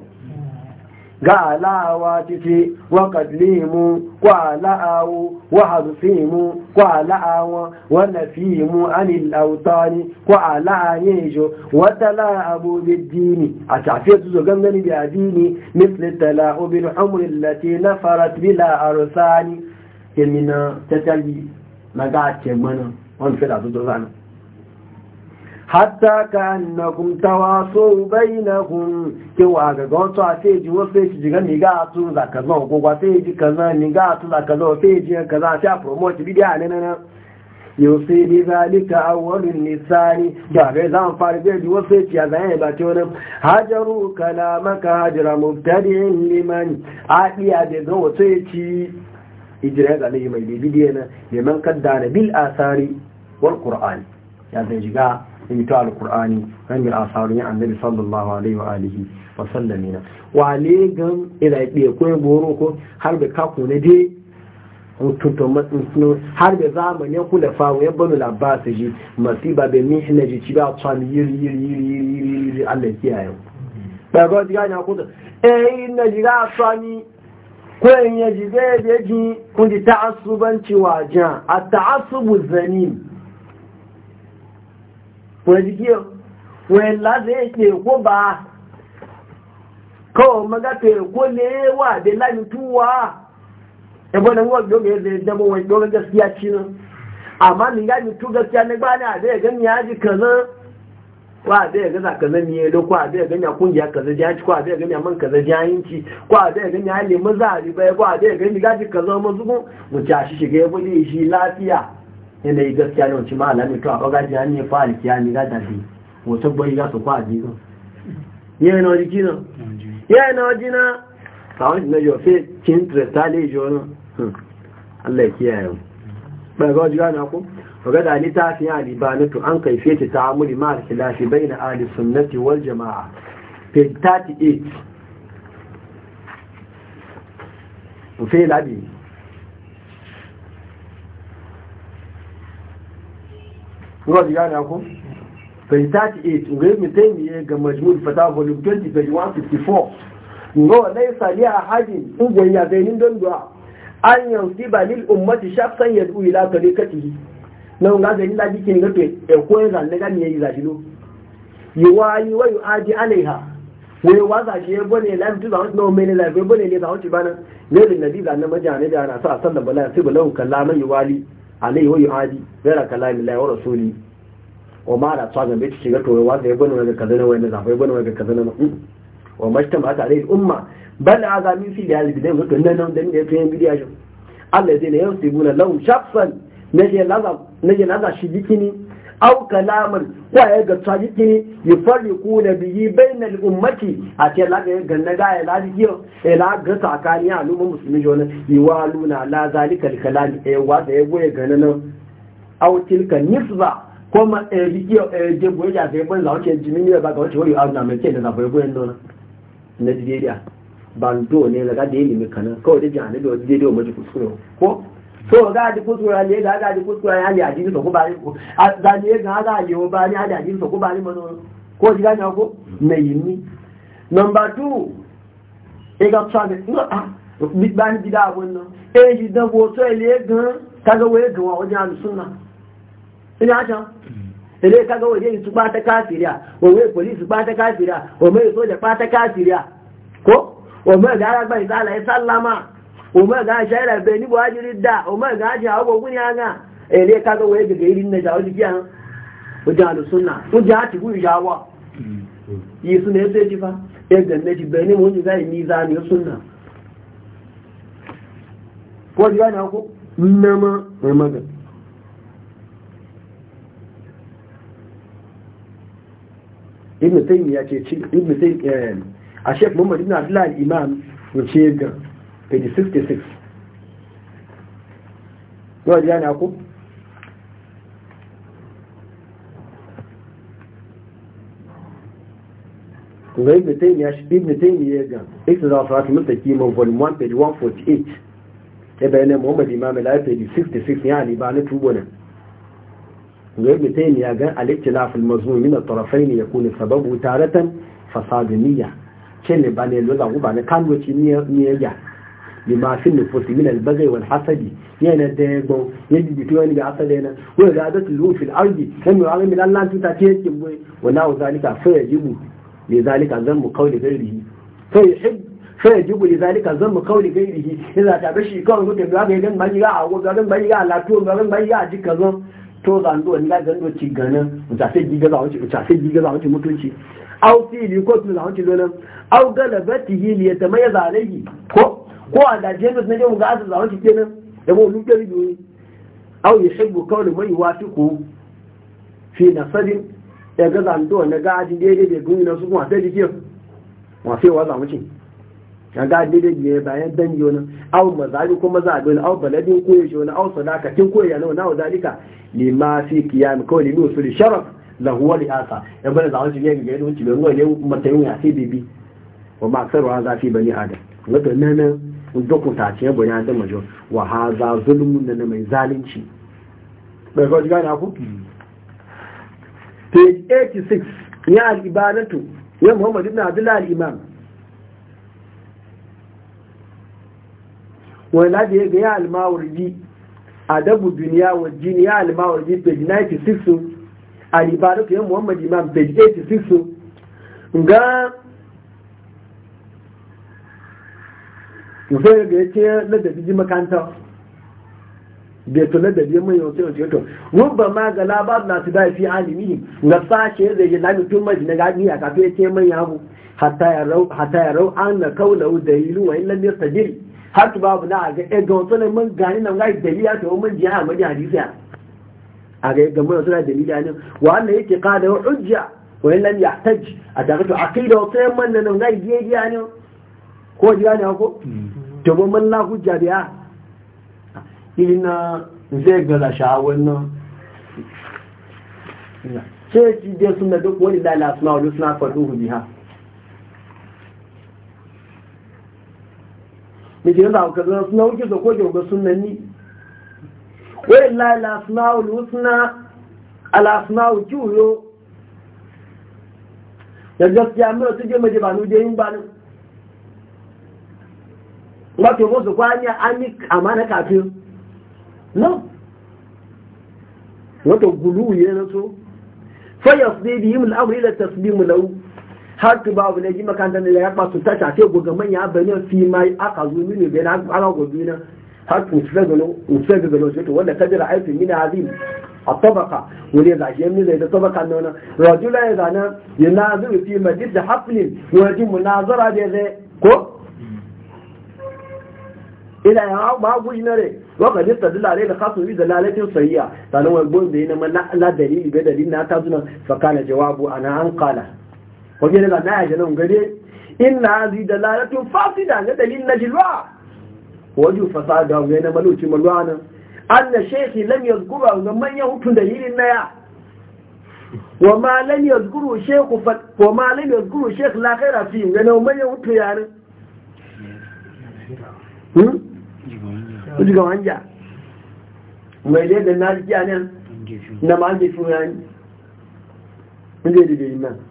ga alawa titi wa kadlimu kwa la'awu wa harfimu kwa la'awa wa nafimu anil autani wa ala'ayejo wa tala'abu biddini a tafiya su zo gangani da addini misli tala'u bil humri lati nafarat bila arsani kemina tatali maga ce mana wani da su zo zanen hatta ka annakum tawaso bainakum ke wa ga gonto a sai ji wasu sai ji gani ga su za ka zo ko ga sai ji kaza ni ga su za ka zo sai ji kaza sai promote bidiya ne nan yau sai bi zalika awwalun nisani da ga za mu fara ga ji wasu sai ya zai ba ce wani hajaru kalamaka hajra mubtadi'in liman a iya da ga wasu sai ci ijira ga mai bidiya ne liman kaddara bil asari wal qur'an ya zai ji ga ito alkur'ani kan yi asarin annabi sallallahu alaihi wa alihi wa sallamina wa ne gan ila ɗaya ko goro ko har da kaku ne dai hutunto matsin har da zamanin kula fawo ya banu labbas ji masiba be mihna ji ci ba tsan yiri yiri yiri yiri yiri Allah kiyaye ba ga diga na ko eh inna diga tsani ko in yaji zai ji kun ji ta'assubanci wajen at ta'assubu zanin wọ́n ti kíyàn wọ́n láti èkè èkó bá kọ́wọ́ mọ́gáfẹ́ èkó lè dé láti túwà ẹgbọ́n na wọ́n gbọ́gbẹ́ ẹ̀zẹ̀ dẹ́gbọ́ wọn gbọ́gbẹ́ gaskiya ci amma ni ya tu gaskiya na gbani a zai gani ya kaza wa zai ga za kaza mi yelo ko a zai gani a kaza ji ci ko a zai gani a kaza ji yinci ko a zai gani a lemu zari bai gaji kaza mu shiga ya shi lafiya yanayi yi gaskiya ne wacce ma'ala ne to a ɓagaji ya ne fa alkiya ne ga dafi wata gwai za su kwa jina yaya na wajiki na na a wani na jofe kin tresta ne hmm. allah ya kiyaye ga na ku ɓaga da ni ta fi na to an kaife ta ta amuri ma'ar kilafi bai na ali sunnati jama'a page ruwa ji gane ku 38 ngai mutum ya ga majmul fata volume 20 page 154 ngo laysa li ahadin ugon ya zainin don du'a an yansiba lil ummati shakhsan yad'u ila tariqatihi nan ga zainin da jikin ga to e ko zan ga ne yi zajilo yiwayi wa yu'adi alaiha wai waza shi ya bane la mutu ba wannan mai ne la bane ne ba wuce bana ne da nabi da annabi jani da ana sa sallan bala sai bala kan mai yi wali. alaihi wa yu'adi zara kalami la wa rasuli wa ma da tsaga bai ci ga to wa da yabon wa kaza na wai na zafai yabon mm. wa kaza ne wa majtama ta alaihi umma bal azami fi da albi da mutum nan nan da ne to yan bidiya shi Allah zai ne yau sai buna lahum shakhsan naje laza ya laza shi bikini aw kalaman ko ya ga tsajiki yufarriqu biyi, bai na ummati a ce la ga ganna ga ya ladi kiyo e la ga tsakani al'umma musulmi jona luna la zalikal kalami a yawa da ya goye ganan aw tilka nisba ko ma e biyo a je goye ja zai bon la o ce jimini ba ga wace ce wori na me ce da ba goye nuna na jidiya bando ne daga da ilimi kanan kawai da jihani da wajen daidai wa maji kuskure ko so ga di kutura le ga ga di kutura ya le ajin so ko ba ko da le ga ga le o ba ni so ko ba mo ko ji ga na ko me yimi number 2 e ga tsabe no ah ban di da won no e ji da bo so le ka ga we gan o ja sunna ina ja ele ka ga we je su ba ta kafiriya o we police ba ta kafiriya o me soja ba ta kafiriya ko o me ga ra gba isala e sallama umar ga shaira bai ni ba jiri da umar ga ji guni ana ele kaga waye ga eh, iri na jawo jiya wajen alusunna wajen hati guri jawa yi su ne sai ya ganna eh, ji bai ne mu ji zai ni zani sunna ko ji gane ko nama mai ibn a muhammad ibn abdullah page 66 yau ji yana ku ga ibn taymiya shi ibn taymiya ga ikhtida salat mustaqim volume 1 page 148 ya bayyana muhammad imam al page 66 yani ba na tubo nan ga ibn taymiya ga al-ikhtilaf al-mazmum min al-tarafayn yakun sababu taratan fasadiyya kin ba ne lo za ku ba ne kan wuce ni ya bima fi nufusi min albaghi wal hasadi yana da yago yadda bi tuwani ga asada yana da gadat lu fil ardi kan wa min Allah ta ce yake boye wala zalika fa yajibu li zalika zan zammu qawli gairihi fa yuhib fa yajibu li zalika zan zammu qawli ghairihi idza ta bashi kawai mutum ga ga ban yi ga awo ga dan ban ga latu ga dan yi ga jikka zo to zando ni ga zando ci ganin ta sai giga za wuce ta sai giga za wuce mutunci aw fi li ko tun za wuce lona aw galabatihi li yatamayyaza alayhi ko ko a da jesus na jin ga azu zawon kike nan da mu mun kari doyi aw yuhibbu qawlu mai yuwafiqu fi nasabin ya ga zan do na ga ji da gumi na su kuma sai dike wa sai wa zawon kin ya ga dai da ne bayan dan yona aw mazali ko mazabin aw baladin ko yajo na aw sadakatin ko yana na zalika lima fi qiyam qawli bi usul sharaf huwa wa asa ya bada zawon kin ga yadda wuce ne ruwa ne matayin ya sai bibi wa ma aksaru hadha fi bani adam wato nan dokuta ce ya bunya da majo wa ha za zulmun na mai zalunci bai kawai gane ku page 86 ya al'ibanatu ya muhammad ibn abdullah al'imam wani ladi ya ga ya al'mawarji adabu duniya wa jini ya al'mawarji page 96 al'ibanatu ya muhammad imam page 86 ga ya ga yake ladabi ji makanta da to ladabi mai yau sai to rubba ma ga labar na su da fi alimi na sashe da ya lami tun na ga ni kafin ya ce mai yawo hatta ya rau hatta ya rau an na kaulau da ilu wa ya yastajil har tu babu na a ga ɗaya, ga wasu ne mun gani nan ga ya to mun jiya a madi hadisi a ga ga mun sai ya ne wa Allah yake qada hujja wa ya yahtaj a da to da wasu ya man nan ga je ne ko jiya ne ko hmm. domin malla hujja biya irina zai gaza sha'awar nan sai ci je na duk wani lalata suna wani suna faɗin hudu ha mai ke yanzu hauka zana suna wuce zako gyoga sunanni wani lalata suna wani suna alasuna wuce wuyo da gaskiya mura su je maje ba nuje yin ba nan wato ba su kwanya an yi na kafin no wato gulu ya na so fayas ne bi yi mul'amuri da mu lau har tu babu na ji ne da ya basu ta shafe goga manya bayan fi ma aka zo mini na ana gobe na har ku su gano usai ga gano to wanda kadira aifin mina azim a tabaka wani ya shi yamni zai da tabaka nuna rajula ya zana ya naziru fi majid da haflin wani munazara da zai ko ila ya ba guji na rai waka ji ta dalale da kasu bi dalalatin sayya sanan wa gon da ina ma la dalili be dalili na ta zuna fa kana jawabu ana an qala ko je da na ya nan gare inna hazi dalalatun fasida na dalil na jilwa waju fasada ga yana maluci malwana anna shaykhi lam yazkura ga manyan hutun dalilin na ya wa ma lam yazkuru shaykhu wa ma lam yazkuru shaykh la khaira fi ga nan manyan hutun Hmm? kuji ga wanja mai dai da na jiya nan na ma ji furani yi je da nan yi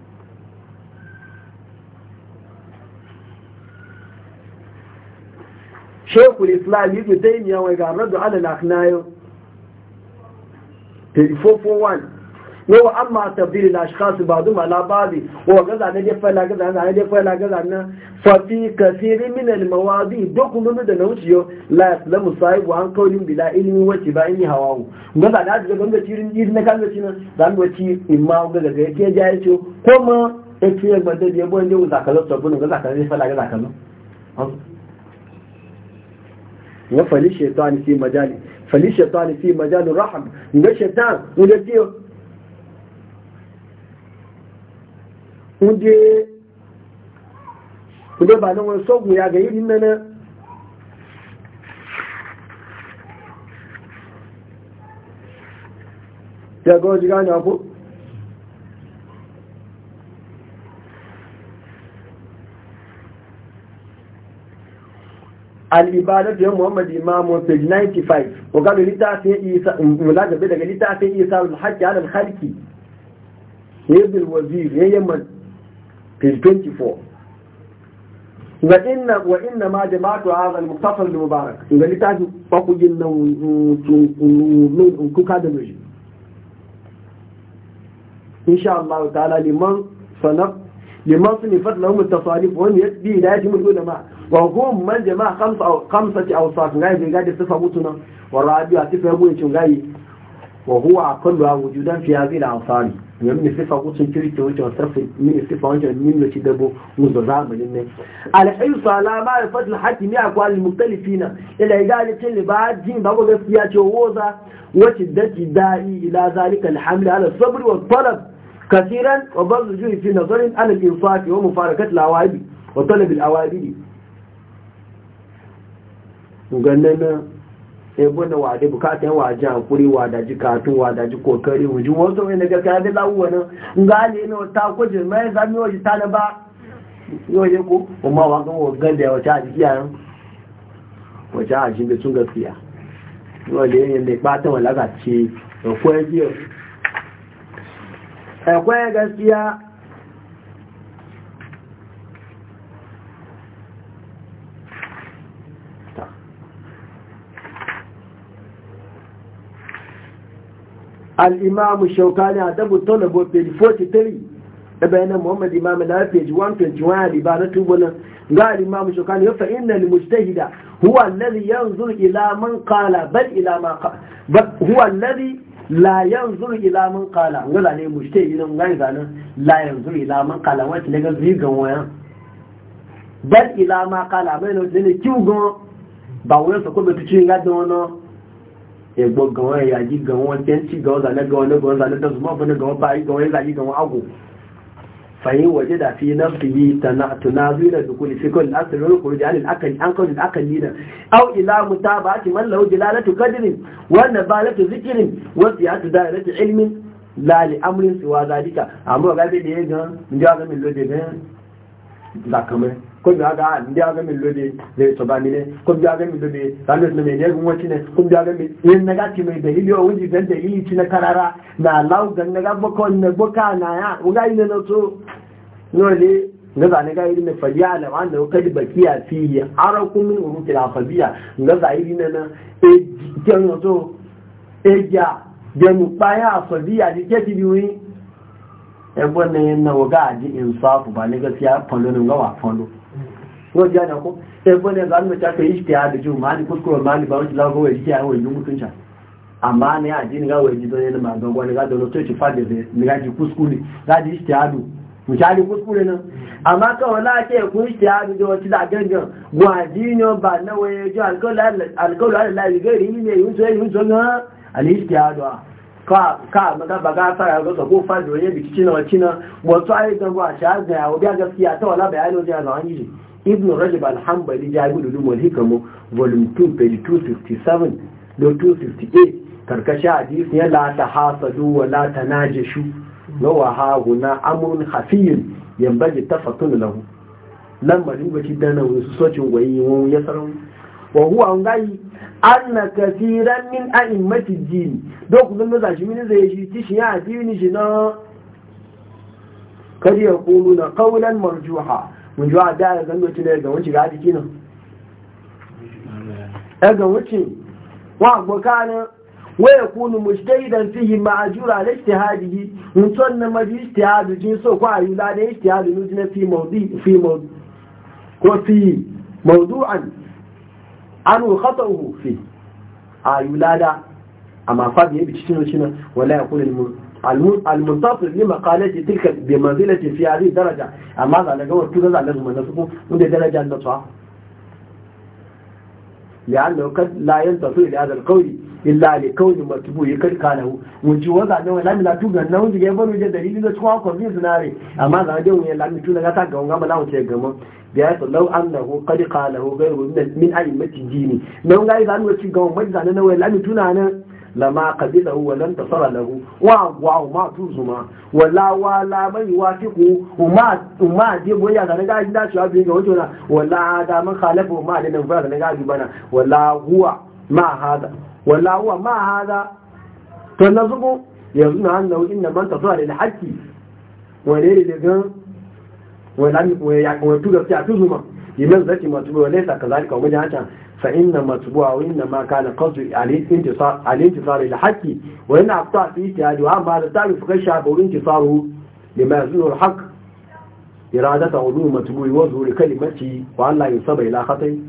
الإسلام ابن تيمية ويقال رد 3441 yau amma tabdil na ashkhas ba'dhum ala ba'd wa gaza ne dai fala gaza ne dai fala gaza na fa fi kathir min al mawadi doku mun da nauciyo la yaslamu sahibu an kaulin bila ilmi wa tibai hawawu gaza da daga ganga cirin irin na kanga cinan zan wace imma gaza ga yake jaye ce ko ma yake ba da yabo ne mun zakalo sabun gaza kan ne fala gaza kan ya fali shaytan fi majali fali shaytan fi majali rahab ga shaytan ne da kunje kunje ba nan wani sogun ya ga irin nan ya ga wajen gane ku al'ibadar da muhammadu imamu page 95 wakano littafin isa mulagabe mm, mm, daga littafin isa al-haƙƙi al-halki yabin wazir yayyaman page 24 inna wa inna ma jama'atu hadha al-muqtasal mubarak ga litafi fa ku jin ku ka da shi insha Allah ta'ala liman sanaf liman lahum at wa yajmu wa hum man jama'a khamsa aw awsaf ngai ga da sifa mutuna wa rabi'a ngai wa huwa wujudan fi hadhihi al yan mi sifa kucin kirki wuce wa sarfin mi sifa wancan min da ci dabo mun da zamanin ne alhayu sala ma ya fadl hakimi akwal mukhtalifina ila igali tin libajin ba ko gaskiya ce woza wace dati da'i ila zalika alhamdu ala sabr wa talab kasiran wa bazu juhi fi nazarin ala al-infaq wa mufarakat al-awadi wa talab al-awadi ganna ebo na wade bukatan waje hankuri wadaji katun wadaji kokari wuji wato mai daga kayan da lawuwa nan ngali na ta kujin mai zami waje ta na ba yoje ko kuma wa ga wagan da wata a jiki yan wace a jin sun gaskiya wanda yayin da bata wala ga ce ko yaje ko gaskiya al'imamu shaukani a dabu tolabo page 43 da bayanan Muhammadu imam na page 121 a libana tubunan ga al'imamu shaukani ya fa'in na da huwa alladhi yanzu ila man qala bal ilama ma qala huwa alladhi la yanzu ila man qala ngala ne mustahida ngai zanan la yanzu ila man qala wata ne ga zigan wayan bal ila ma qala bai ne kiwgon ba wani sako bai tuci ga da wannan egbo gawa ya ji gawa tenci gawa zane na gawa zane da zuma bane gawa bayi gawa ya zagi gawa waje da fi nafsihi tunazu da dukuli fi kulli asrul khuruj an al-akal an kawai al-akali da aw ila mutaba'ati man lahu jalalatu qadrin wa nabalatu zikrin wa siyatu da'irati ilmin la li amrin siwa zalika amma ga bi da ga ga min lo de da zakamai ko bi aga ndi aga min lobe le to ba mine ko bi aga min lobe ranar lobe ne gun wacce ne ko bi aga min yin naga ti mai dalili o wuji dan dalili ci na karara na lau gan naga boko na boka na ya uga ina na to no le nga zane ga irin fadiya da wanda ka di bakiya fi araku min uruki la fabiya nga za irin na e kyan to e ja da mu baya fabiya di ke ti biwi ebon ne na waga ji insafu ba ne siya falo ne ga wa falo ko ja da ko sai eh, ko ne zan mata kai ishtiya da ju mali kuskure mali ba wani lawo amma ne a jini ga don ma ga da lokaci ci da ga ji kuskure ji ishtiya du kuskure nan amma ku ishtiya du da wata da gangan ba na waye ji ka maga baga ga ko fa da wato ai da ga ya gaskiya ta wala bayani wajen zaman yi ibn rajab al-hanbali jami'ul ulum wal hikam volume 2 page 267 do 268 karkashin hadisi ya la tahasadu wa la tanajashu wa ha huna amrun khafiyun yanbaghi tafattun lahu lamma lokaci dana wasu socin gwayi won ya sarau wa huwa an gayi anna kathiran min a'immati jini. do ku zan zashi min zai shi tishi ya addini shi na kulu na qawlan marjuha mun jiwa da ya zango tuna ga wuce ga jiki nan ga wuce wa abokanin waya kunu mujtahidan fihi ma'jura ala ijtihadihi mun sanna maji ijtihadu jin so ko ayu la da ijtihadu nu jina fi mawdi fi mawdi ko fi mawdu'an an khata'uhu fi a yi lada amma fa bi bi cikin shi nan wala yaqulu المنتصر قالت تلك بمنزلة في هذه الدرجة أما هذا لقوة كذا لازم نفسه من درجة النصح لأنه قد لا ينتصر لهذا القول إلا لكون مطبوع كركانه وجوزا أنه لم لا توقع أنه يجبر وجد دليل إذا تقوى قبل سناري أما هذا جو لم يتولى لا تقوى وما لا تقوى بيات لو أنه قد قاله غير من أئمة متجيني لو لا يزال وشي قوم مجزا أنه لم يتولى lama kadina wa lan tasara lahu wa wa ma tuzuma wa la wa la mai wafiqu ma ma je bo ya gaji da shi abin ga wato na wa la da man khalafu ma da nan fara daga gaji bana wa la ma hada wa la huwa ma hada to na zubo yanzu na annahu inna man tasara lil haqqi wa ne ne daga wa la wa ya wa tuzuma yimin zati ma tuzuma ne sa kazalika wa majan فإن مطبوع وإنما كان قصد الانتصار إلى الحق وإن أقطع في اجتهاد وعما هذا تعرف كشعب وانتصاره لما يزول الحق إرادة علوم مطبوع وظهور كلمته وأن لا ينصب إلى خطي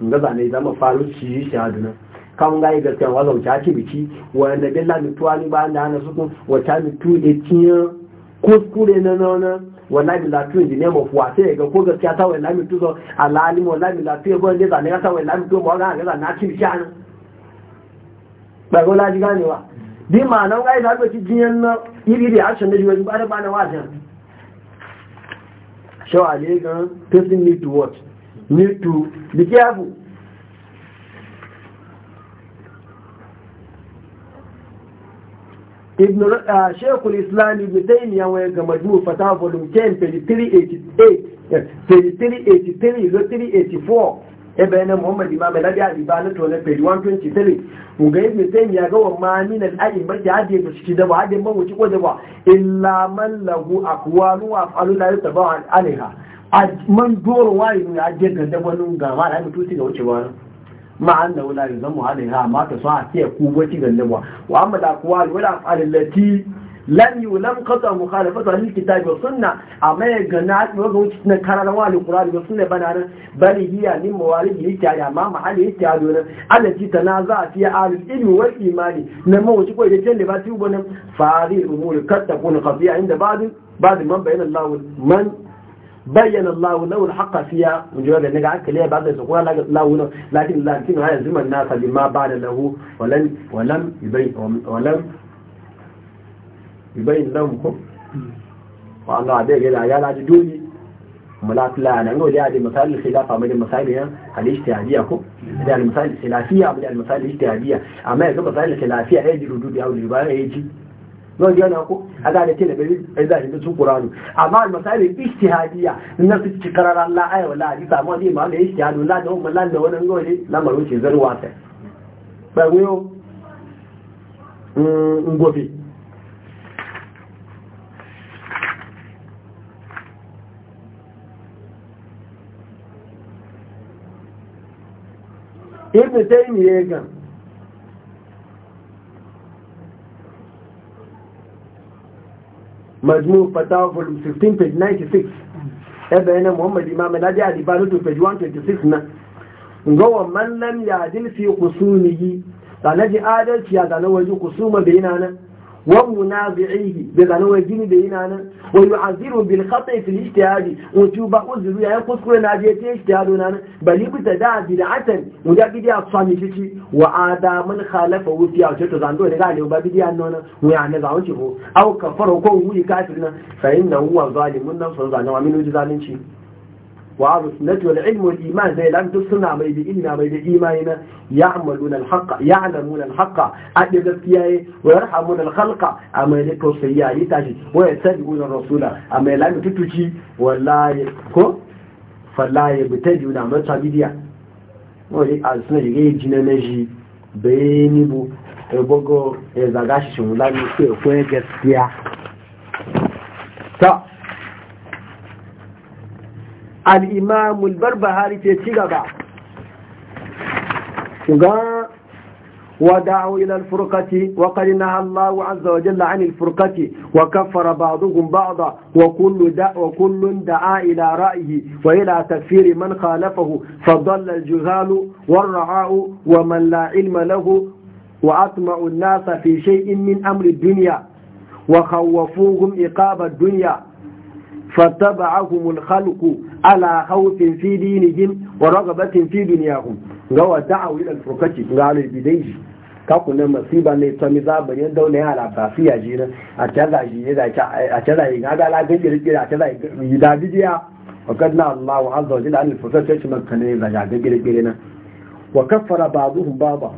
in أن إذا ما faru ci اجتهادنا shahaduna kawon gaye gaskiya wa zauce ake biki wa wanda bella mutuwa ni ba da hana sukun wata mutu da tiyan kuskure na nauna wallahi lafiya ne mu fuwa sai ga ko gaskiya ta wallahi mutu so alalim wallahi lafiya ba ne zane ta wallahi mutu ba ga ga na ci shi ba go laji gane wa bi ma nan ga ina ga jiyan na iri a ashin ne jiyan ba ba na wajen shaw ale ga person need to watch need to be careful ibn uh, shekul islam ibn taymiya waya ga majmu fata volume 10 page 388 page 383 384 ebe na muhammad imam al-abi al-ibana na 123 mu ga ibn taymiya ga wa ma min al-alim ba ya da ciki da ba hadin ban wuce ko da ba illa man lahu aqwalu wa afalu la yatabawa alaiha man doro wayi ya je ga da wani ga ma da wuce ba ma an da wula yuzamu alaiha ma ta sa ke ku wati ganda ba wa amma da kuwa wala alati lam yulam qata mukhalafata lil kitabi wa sunna amma ya gana ga wuce na kararan wa alqur'ani wa sunna bana nan bali hiya min mawalid yake ya ma mahali yake ya don alati tanaza fi al ilmi wal imani nan ma wuce ko da kelle ba su bana fa hadhihi al umur kat takun qadiya inda ba'd ba'd man bayyana Allah man بين الله له الحق فيها مجرد ان قعدت ليه بعد الزقوه لا لكن لكن هاي زم الناس اللي ما بعد له ولم ولم يبين ولم يبين لهم كم وانا عادي كده يا لا تدوني ملاك لا انا نقول هذه مسائل الخلافة من المسائل هي الاجتهادية كو هذه المسائل الخلافية من المسائل الاجتهادية اما يزوك مسائل الخلافية هيجي ردود او الجبارة هيجي نقول دي انا كو aga da ke da bari ai da shi Qur'ani amma al-masail ijtihadiyya na su ci karar Allah ayi wala hadisi amma dai ma da ijtihadu la da mun lan da wannan gole lamarin shi zarwa ta ba goyo mm gobe ibn taymiyyah majmu fatawa volume 15 page 96 ebe yana muhammad imam na biya di balutu page 126 na gawa man lam ya jilfi kusumihi da naji adalci ya na waje kusuma bai na nan ومنازعيه بغنوة جيني بينانا ويعذره بالخطأ في الاجتهاد وتوبة أزر يا قصر ناجيتي اجتهادنا بل يبتدع بدعة مجاكد أصامي شيء وعادا من خالف في أوشته زندو نقال يوبا بدي أنونا ويعني زعنشه أو كفره كون هو كافرنا فإنه هو ظالم من نفسه ظالم من وجه ظالم شيء وعلى السنة والعلم والإيمان زي لم تسنع ميد إلنا ميد إيماننا يعملون الحق يعلمون الحق أدب السياء ويرحمون الخلق أما يدكو السياء يتاجي ويتبعون الرسول أما يلعن تتجي ولا يكو فلا يبتدي ونعمل تابيديا ولي على السنة يجي جنانجي بينبو ebogo ezagashi shimulani شمولاني kwen gaskiya ta al’imamul barbahari ce ci gaba ga wa da'awo ilal furkati wa karina Allah wa azza wa jalla an furkati wa kafara ba'dhum ba'dha wa kullun da'a wa kullu da'a ila ra'yi wa ila tafsiri man khalafahu fa dhalla jihalu war ra'u wa man la ilma lahu wa atma'u an fi shay'in min amri duniya wa khawafuhum iqab ad-dunya fa tab'ahum al ala haufin fi dinihim wa ragabatin fi duniyahum ga wa da'awu ila al-furqati ga al-bidayji ka ne masiba ne to mi zaba ne daula ya ala bafiya ji na a kaza ji ne da a kaza yi ga la ga kirkira a kaza yi da bidiya wa kadna Allahu azza wa jalla al-furqati ta makane da ga kirkira na wa kaffara ba'dhum ba'dha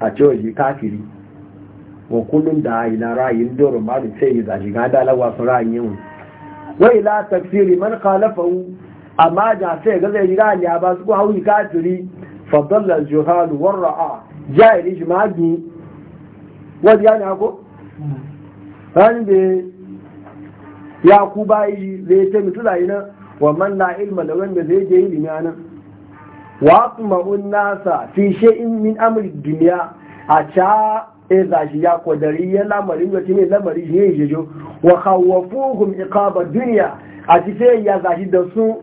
a wa ji kafiri wa kullum da ila ra'ayin doro ma sai yi da ji ga da lawa su ra'ayin wa ila takfiri man khalafahu amma da sai ga zai jira ya ba su ko hauyi kafiri fadalla al-juhal war-ra'a jahili jima'i wadi yana ko ran da ya ku bayi zai ce mutula ina wa man la ilma da wanda zai je ilimi anan wa kuma nasa fi shay'in min amri dunya a cha e za shi ya kodari ya lamarin da ne lamari shi ne jejo wa khawafuhum iqaba dunya a cikin ya zahi da su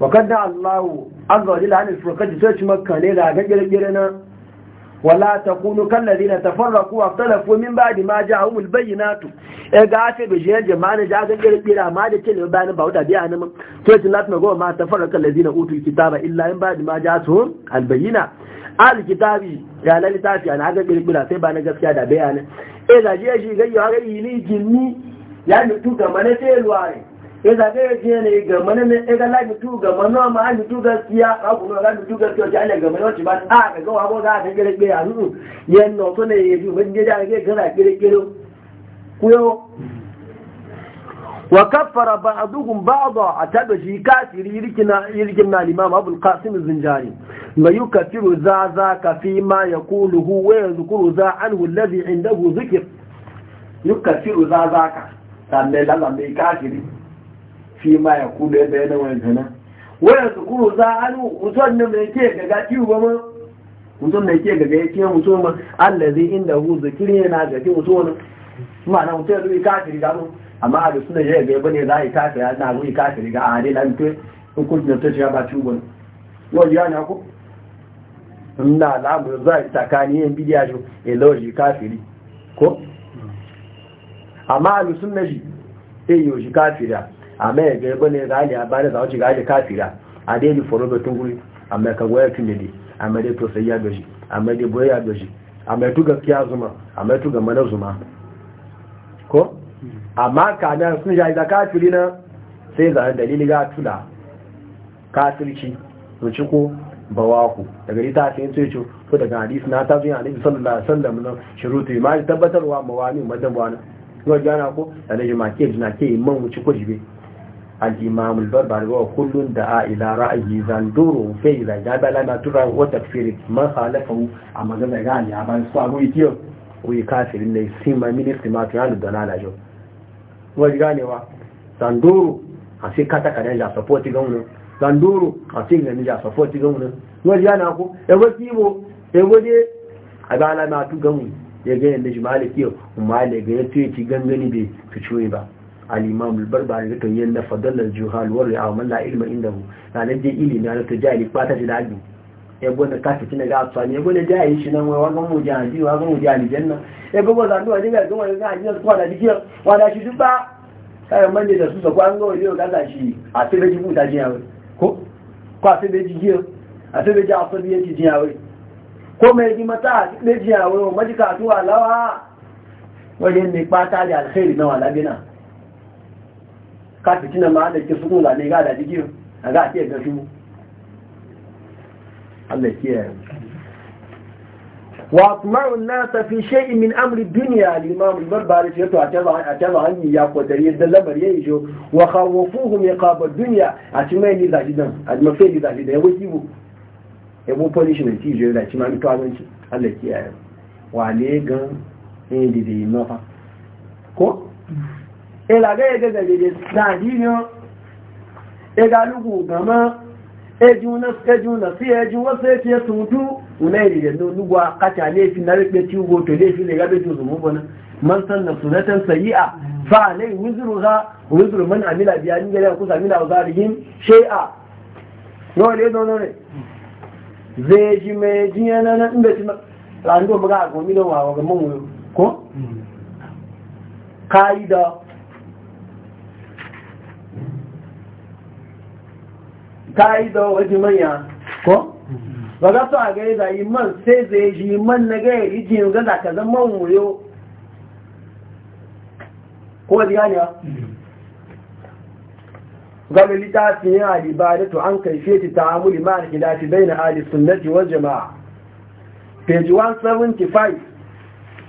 وقد الله عز وجل عن الفرقة سوش مكة ليلة قجل جرنا ولا تكونوا كالذين تفرقوا واختلفوا من بعد ما جاءهم البينات اغاfe da jiyar jama'a da aka kira kira ma da cewa bayan ba wata biya nan to tin lati go ma tafarraka allazina utul kitaba illa in ba'd ma ja'atuhum albayina al kitabi ya la litafi an aka kira kira sai ba na gaskiya da bayani eh da jiyar shi ga yawa ni jinni ya ga mana sai ya zaga ya ce ne ga mana ne ya ga lafitu ga mana ma lafitu gaskiya ka ku ga lafitu gaskiya ji Allah ga mana wacce ba a ga gawa ba za a san gare a su yan no to ne ya ji ban je da ga kana gare gare ku yo wa kaffara ba'duhum a taɓa shi kafiri yirkina yirkina al Abu al-Qasim az-Zinjari ma yukaffiru za za ka fi ma yaquluhu wa yadhkuru za anhu alladhi indahu dhikr yukaffiru za za ka sanne lalla kafiri fi ma ya kudu ya bayyana wani zana wani su za a nu mutum da mai ke gaga ciwo ba mutum da ke gaga ya ce mutum allah zai inda hu zikiri yana gaji mutum wani ma na mutum ya yi kafiri ga mu amma a da suna ya gaba ne za a yi kafiri na yi kafiri ga a hade lantai hukuncin da ta shiga ba ciwo ne ya na ku na a yi yin shi a amma ya ga gali a za kafira a foro da amma ka goya tun da amma dai to sai ya gaji amma dai ya gaji amma tu zuma amma tu ga zuma ko amma ka da sun ja da kafiri na sai ga dalili ga tula kafirci mun ci ko bawaku daga ita sai sai ce ko daga hadis na ta zuwa annabi sallallahu alaihi wasallam na shirutu ma tabbatarwa mawani madan wani ko jana ko da jama'a ke jina ke yi wuce ko jibe الإمام البربري وكل دعا إلى رأيه زندور في إذا جاب لنا ترى وتكفير ما خالفه أما ذا يعني يا أبا الصعب ويتيو ويكافر إن يسمى من استماعات عن الدلالة جو ويقال وا زندور أسي كاتا كان يجا سبوتي قونا زندور أسي كان يجا سفوتي قونا ويقال أكو يقول كيبو يقول أبا لما تقوم يقول نجمالك يو ومالي لقيت يتي قنقني بي تشوي بقى al-imam al-barbari ga tanyen na fadalar juhal wa ri'amal la ilma indahu na je ilimi na to jahili kwata shi dagi ya gwada kafi tina ga afsani ne gwada jahili shi nan wa ga mu jahili wa ga mu jahili janna ya gwada zandu a dinga gama ga ajiyar kwa da dikiyar wa da shi duk ba kayan manje da su sa kwan ga wajen gaza shi a sai da jibu ta jiya ko ko a sai da jigiyar a sai da ji asabiyanci jiya wai ko mai ji mata a cikin jiya wai majika tuwa lawa wajen ne kwata da alkhairi na walabi na ka fiti ma ma'ana ki sukun ga ne ga da jikin a ga ke ga shu Allah kiyaye wa asma'un nasa fi shay'in min amri dunya al-imam al ya to a taba hanyi ya kodari da lamar yayi jo wa khawafuhum iqaba dunya a ci mai ni zaji a ma ni zaji ya wai kibo e mu punishment ti je da ci ma to abinci Allah kiyaye wa le gan eh dide ma fa ko ìlàgẹ́ ẹgẹ́gẹ̀gẹ̀gẹ̀ nàìjíríà ẹgálùkù gàmá ẹjúnà sí ẹjú wọ́n sí ẹfẹ́ tuntú wùnà ìrìnlẹ̀ lọ́lúgbà kàtà ní èfì náà pẹ́ tí ó gbò tó lè fi na sunatan sayi'a fa alai wuzuru ha wuzuru man amila biya ni no ji na na ko mi hmm. Ta yi da waje manya ko ba za su a gari da yi man sai zai ji man na gaya yi yanzu gaza ka zama wuyo ko wajen gani ba gami littafin ya to an kai feti ta amuli a kidafi bai na ali sunnati wa jama'a page 175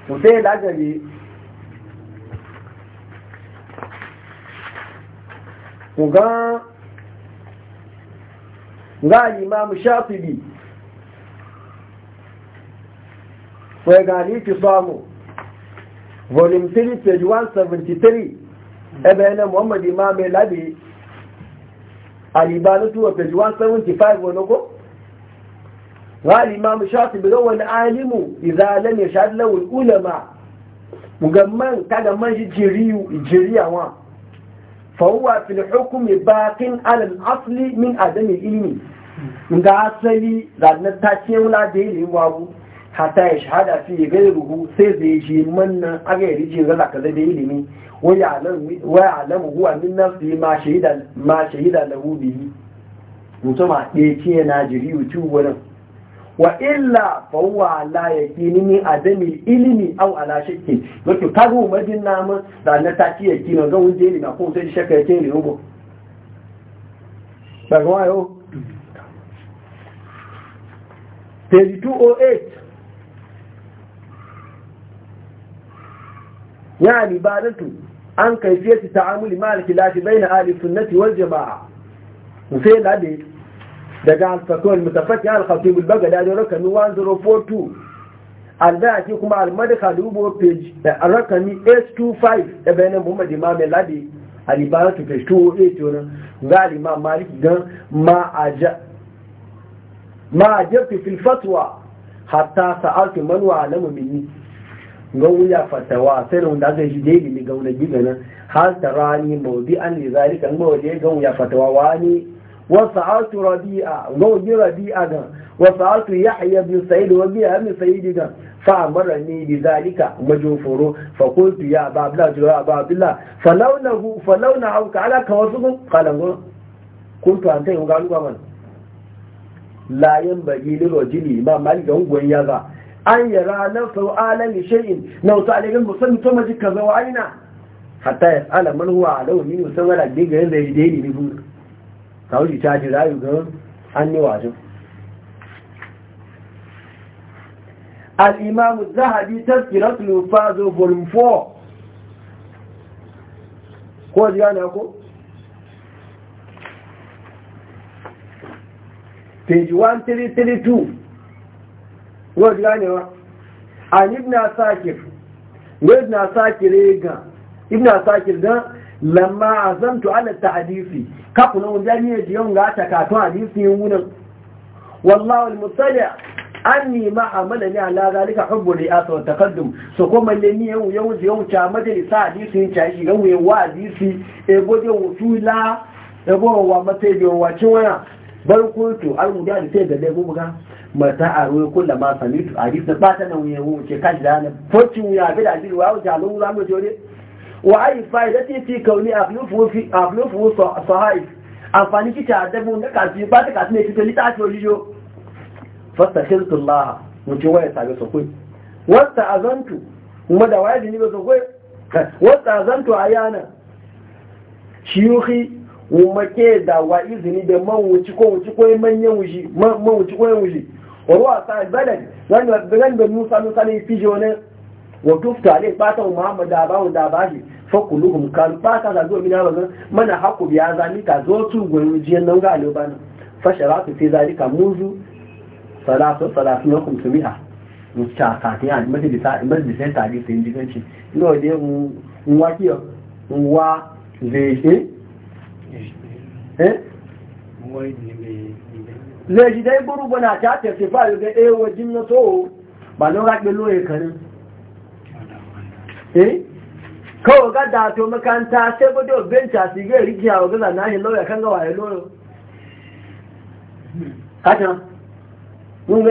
mutai lagari ku ga ga imam shafi'i wai ga ni samu volume 3 page 173 ebe Muhammadu muhammad imam labi alibanu tuwa page 175 wani ko ga imam shafi'i ga wani alimu izalen ya yashhad lahu ulama mugamman kaga man shi jiriyu jiriyawa fa huwa fil hukmi baqin ala al asli min adami ilmi ga asali ranar ta ce wula da yi wawu hata ya e shahada fi gai ruhu sai zai shi manna aga yari ce gaza kaza da ilimi waya alamu huwa min nafsi ma shahida lahu bihi mutum a ɗaya ce na jiri yutu wurin wa illa fa huwa la yakini min adami ilimi aw ala shakki wato kago madin namu ranar ta ce yaki na ga wunje ne na ko sai shakka yake ne rubo ba ga wayo page 208 ya libanatu an kaifiyar ta amuli maliki lafi bai na sunnati wal jama'a sai labe daga alfakon mutafaki alkhatibul bulbaga da rakami 1042 ke kuma almadaka dubo page rakami 825 da bayanan muhammad imam labe alibanatu page 208 ga alimam malik gan ma aja ma ajabtu fil fatwa hatta sa'altu man wa alamu minni ga wuya fatawa sai da wanda zai shi daidai ne ga wani gidana har ta rani mawdi an li zalika ga waje ga wuya fatawa wani wa sa'altu rabi'a ga wuya rabi'a ga wa sa'altu yahya bin sa'id wa bi ibn sa'id ga fa amarani bi zalika majufuru fa qultu ya aba abdullah ya aba abdullah falawnahu falawna auka ala kawasukum qala qultu anta yungalu man layan bagi Mali ga maliga ya za an yi ranar sau'alan lishe'in na wasu alaƙin musamman to maji ka zawa aina hatta ya tsala manuwa a alau min musamman da ga yin zai daidai ne buru ka wuce ta ji rayu ga an yi wajen al'imamu zahabi taskirar tulufa zo volume 4 ko ji gane ko page 1332 wadda ganewa an ibna sakir wadda sakir ga ibna sakir ga lamma azamtu ala ta'disi kafu na wanda ne ji yonga ta katon hadisi yin wunan wallahu al-musalli anni ma amalani ala zalika hubbu ri'asa wa taqaddum so ko malle ni yau yau yau ta sa hadisi yin ta shi ga wa hadisi e gode wutula e bo wa mate bi bar kultu an wuda da sai ga dai buga mata a ruwa kulla ma samitu a rifta ba ta nan wuya wuce kashi da hannun Foti wuya bi da jirwa wuce halin wula mu jore wa ai fa'idati fi kauni aflufu sahai amfani ki a dabu na kafi ba ta kafi ne fito litafi wa jijo fastakirtu laha Mutu waya sabi sakwai wasta azantu kuma da waya da ni ba sakwai wasta azantu a yana shiyuhi umake da wa izini da man wuci ko wuci ko manyan wuci man wuci ko wuci wa ruwa sa balan nan nan da Musa Musa ne fije wani wa tufta alai fata Muhammad da bawo da bashi fa kulluhum kan fata da zo mina bazan mana haku biya zani ka zo tu goyi wujiyan nan ga alo fa sharatu fi zalika munzu salatu salatu na kum tumiha mutta ta ta ya mace da mace ta ta ji sai ji kanci ino da mu wa kiyo wa zai eh? zai ji dai buru bana ta tafi fa ga ɗaya wajen na so ba nan raɗe loye kanin eh kawai ga da to makanta sai gudu benta su ga rikiya gaza nahin lauya kan gawa ya loro kata mun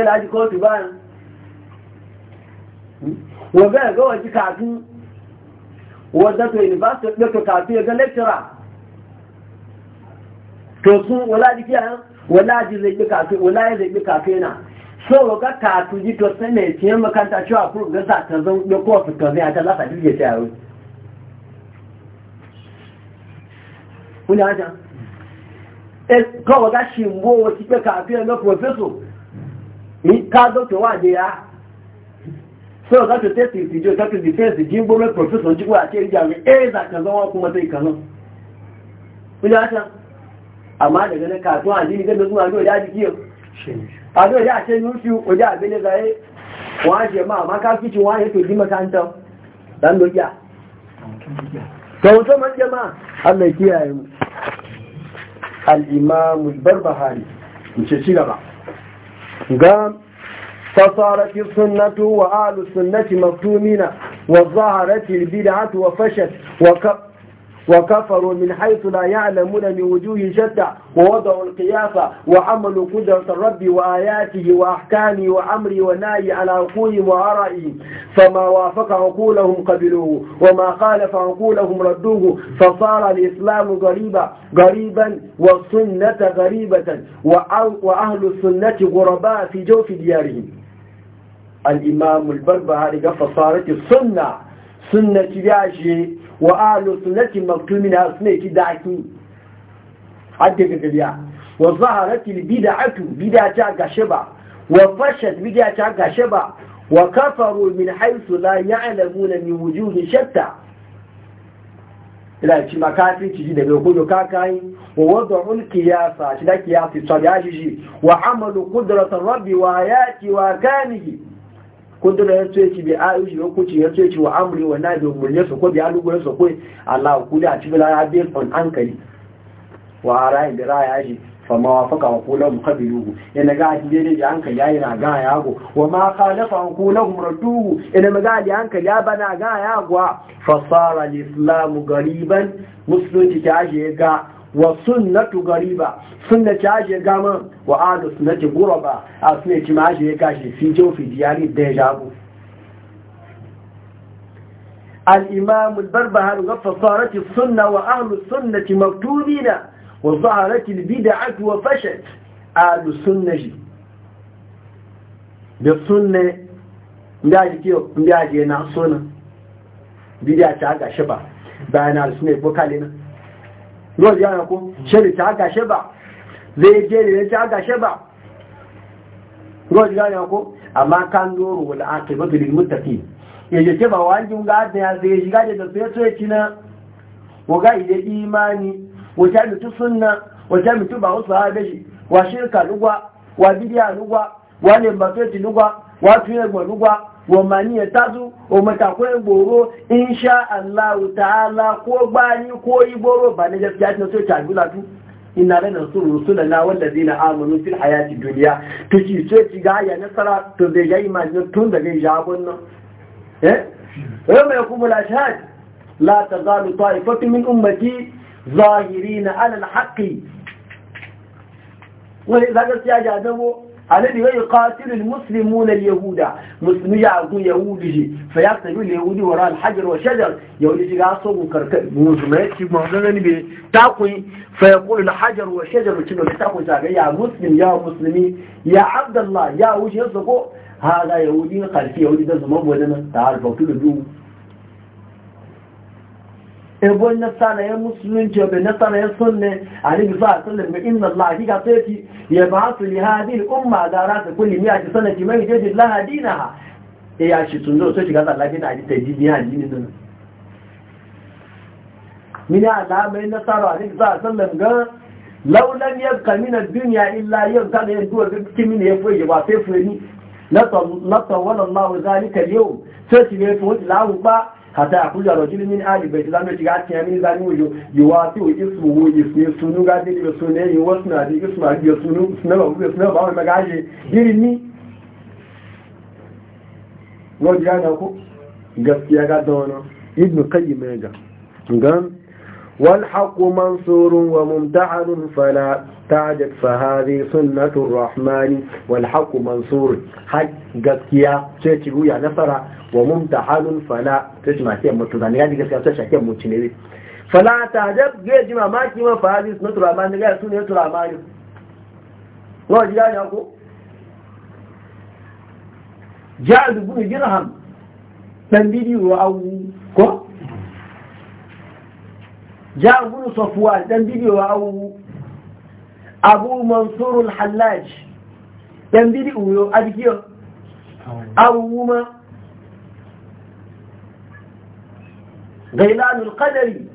ga ga to sun wala jiki a wala ji zai bi kafe wala ya zai bi kafe na so ga ka tuji to sai mai ciyen makanta cewa kuru ga sa ta zan ya kowa fito zai ta lasa jirge ta yaro kuni hajjan e eh, kawai ga shimbo wasu ke kafe na profeso ni ka zo to wa da ya so ga to test jo defense ce eh, za ka kuma sai amma daga na kasuwa a jini ganda suna zuwa ya jikiyo a zuwa ya ce nufi wajen abin da zai wace ma amma ka fi cin wace to ji makaranta dan dokiya ta wuce man jama allah kiyaye mu al'imamu barbahari mace ci gaba ga فصارت السنة وآل السنة مفتومين وظهرت البدعة وفشت وك... وكفروا من حيث لا يعلمون من وجوه شتى ووضعوا القياسة وحملوا قدرة الرب وآياته وأحكامه وأمره ونائي على عقولهم وآرائه فما وافق عقولهم قبلوه وما خالف عقولهم ردوه فصار الإسلام غريبا غريبا والسنة غريبة وأهل السنة غرباء في جوف ديارهم الإمام البربهاري فصارت السنة سنة بيعشي wa ahlu sunnati maktumina suna yake daki hadda ga biya wa zaharati bid'atu bid'ata gashaba wa fashat bid'ata gashaba wa kafaru min haythu la ya'lamuna min wujuhi shatta ila ci makafin ci da bai koyo kakai wa wada'ul qiyasa shi da qiyasi sabiya shi wa amalu qudratar rabbi wa ayati wa kanihi yanzu ya ci bi a yi ko yanzu ya ci wa amuri wa nabi umurne su ko bi alugo ya so ko Allah ku da ci bila ya bi on hankali wa ara in da raya ji fa ma wafaka wa kula mu qabiluhu ina ga ji dai da ya yi na ga ya go wa ma khalafa wa kula hum radduhu ina maga ji hankali ya bana ga ya go fa sara al gariban musulunci ta ajiye ga wa sunnatu gariba sunnati aje gama wa adu sunnati guraba a sunnati ma aje ya gashi fi jau fi diyari da ya jago al'imamu barbahar gafa tsarati sunna wa ahlu sunnati maktubi wa tsarati libida aki wa fashet adu sunnati da sunne ndi aje na sunan bidya ta gashi ba bayan al-sunnati bukali ruwan yana ko shari ta gashe ba zai je da ta gashe ba ruwan yana ko amma kan doro aka aqibatu lil muttaqin yaje ke ba wajin ga da ya zai shiga da da sai sai kina waga ide imani wata mutu sunna wata mutu ba wasu ha shi wa shirka lugwa wa bidiya lugwa wa ne ba sai lugwa wa tuye lugwa Wa wọ̀màníyàn tázú òmìtàkùn ìgbòrò inṣá aláwòtàálá kó gbá ní ko ìgbòrò bà ní jẹ́fẹ́ jáde tó ṣàgbúlájú ina rẹ̀ náà sọ̀rọ̀ sọ́lọ̀ náà wọ́n lẹ́dí na amonu fil hayati duniya tó ci tó ci ga ya nasara to zai ga ima ne tun da daga ya abun nan eh yau eh, mai kuma la shahad la ta zalu ta'ifatu min ummati zahirina ala al-haqqi wani zaga siya ja dabo الذي يقاتل المسلمون اليهود مسلم يعقو يهودي فيقتل اليهود وراء الحجر والشجر يولي جيغا سوغو كرك مزمات مغنني بي تاكوي فيقول الحجر والشجر تشنو تاكو زاغا يا مسلم يا مسلمي يا عبد الله يا وجه الزقو هذا يهودي قال في يهودي ده زمان ودنا تعرفوا كل دول ebon na sanayen musulunci obe na sanayen sunne a nabi sa sallam ga inna Allah hakika sai ya ba su umma da ra ta kulli miya ki sanati mai je ji la dinaha e ya shi tun zo sai shiga Allah bin ali ta jidi ha dinin nan mina alamai na sara nabi sa sallam ga laulan yabka min ad-dunya illa yau kana yanzu ga kimin ya fuye ba sai ni la tawalla Allah zalika yau sai ne lahu ba hata akuja rajulun jirgin ali bai zama shiga a cikin min zani wuyo wuyi su wuyi su ismi sunu gaji dili su ne yi wasna di ismu ga sunu sunu ba su sunu ba wa magaje jirgin ni godi ga ko gaskiya ga dono ibnu qayyim ga ngan والحق منصور وممتحن فلا تعجب فهذه سنة الرحمن والحق منصور حق قد كيا تشيرو يا نصر wa halun fala ta shi ma sai mutu zane gaji gaskiya to shake mutu ne fala ta jab ga jima ma maki ma fa hadis na ma ne ga sunan ma ne wa ji ga ko ja'ad ibn dirham dan bidiyo wa awu ko ja'ad ibn safwan dan bidiyo wa awu abu mansurul al-hallaj dan bidiyo yo adiyo awu ma gailanul qadari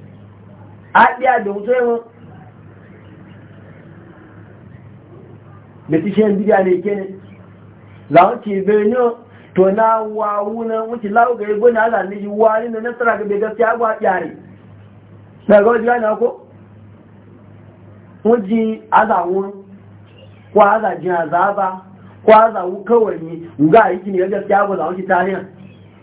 a ɗiya da wuce mu da tishen bidiya ne ke ne za a ce benin to na wawuna wuce lawo ga yabo na ala niji wani na nasara ga bai gaskiya ba yare daga wajen yana ko wuji azawun ko azajin azaba ko azawu kawai ji na yi ne ga gaskiya ba za a wuce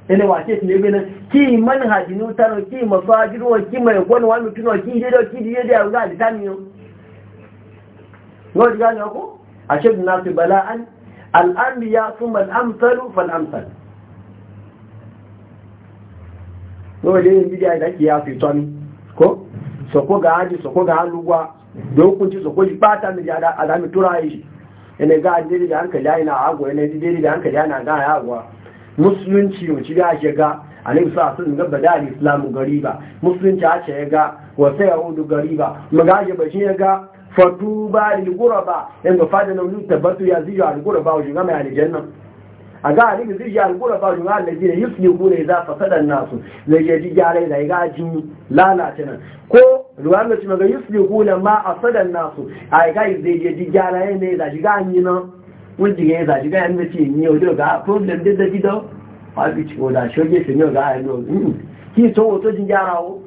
ene wace su ne benin ki manhaji ni utaro ki mafajiro ki mai gwanu wani tuno ki dedo ki dedo ya ruga da tani yo ngodi gani ko ashad nas bala'an al anbiya thumma al amsalu fal amsal ngodi yin bidiya da ki ya fi tani ko so ko ga haji so ko ga lugwa dokunci so ko ji bata mi da adami turai ene ga dede da hankali yana agwa ene dede da hankali yana ga agwa musulunci mu shiga shiga alayhi sa sun ga da al gariba musulunci ake ce ga wa sai hudu gariba ba bashi ya ga ba lil ba, yanda fada na wani tabbatu ya zija al wa mai a ga alayhi zija al ghuraba wa shiga alladina ga jin lalace nan ko ruwan da ci maga yusliquna ma asada an-nas ai ga zai yaji gare ne nan wujin ya zaji ga yanda ce ni yau ga problem da da gidan ci ko da shoge shi yau ga ayo ki to wato jin jarawo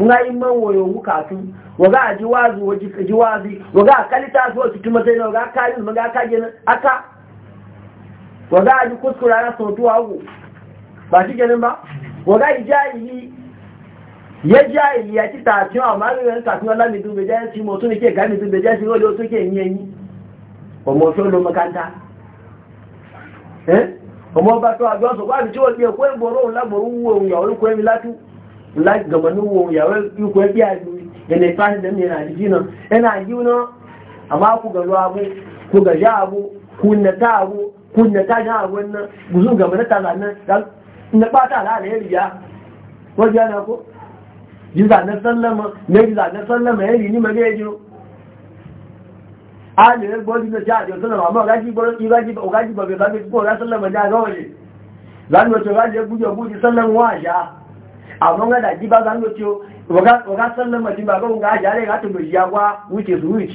nga imman woyo wukatu waga aji waji wazi waga kalita na waga aka waga kuskura na ba shi ba waga ya ya ci amma ke ko ke yin ọmọ tó lọ mọ́kántá eh? ọmọ ọba tó àjọ wà ní tí wọ́n ti ẹ̀kọ́ ìgbòrò lágbòrò wúwo ohun ìyàwó lókò ẹ̀mí látú lágbàmọ̀ ní wúwo ẹ̀nà ẹ̀rì a lè gbọ́jú lọ sí àjọ sọ́lọ̀mọ̀ àmọ́ ọ̀gájí bọ̀bẹ̀ bá gbẹ́gbẹ́ ọ̀gá sọ́lọ̀mọ̀ jẹ́ àgọ́wọ̀lẹ̀ lánàá tí ọ̀gá jẹ́ gbújọ gbújọ sọ́lọ̀mọ̀ wọ́n àṣá àwọn ọ̀gá dàjí bá gbá a ọ̀gá sọ́lọ̀mọ̀ tí ga òun àṣá rẹ̀ látò lò yíya wá which is which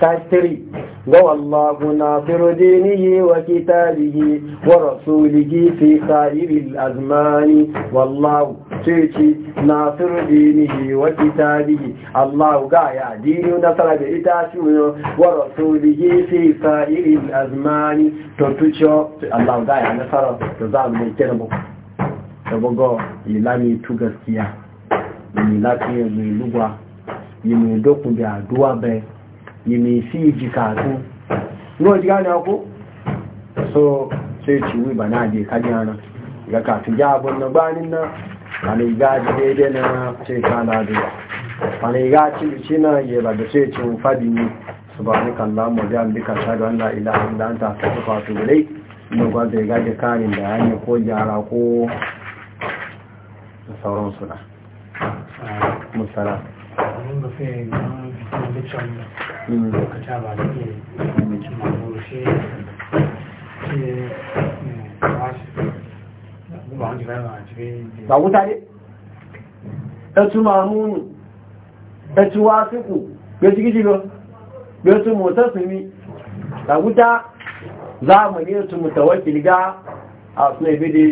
كاشتري لو الله ناصر دينه وكتابه ورسوله في خير الأزمان والله تيتي ناصر دينه وكتابه الله قايا دين نصر بإتاشونه ورسوله في خير الأزمان تتشو الله قايا نصر تزال من كلمه tabago ilami tu gaskiya mai lafiya mai lugwa yi ìmìsí ìjìkàtú níwọ̀n jíká ní ọkú so sai ciwu ba na je kajiya na ga kafin ya abun na gbanin na wani ga daidai na sai ka na duwa wani ga ci na ya ba da sai ciwu fadi ne su ba ni kallon mu da ambika ta da wannan ilahin da an ta ta tufa su gulai inda gwada ya gaji karin da hanyar ko jara ko da sauransu na musala. Amin ga fiye wancan lokata ba da ke mamushe eh, ke ba wuta ne ẹtù mahunu ẹtù wáṣíkù gbẹ́sígíjígọ́ gbẹ́sù mọ̀tẹ́sìmí tàbútá zamani ẹtù mọ̀tàwọ́kìlì gá àtúnẹ̀bẹ̀dẹ̀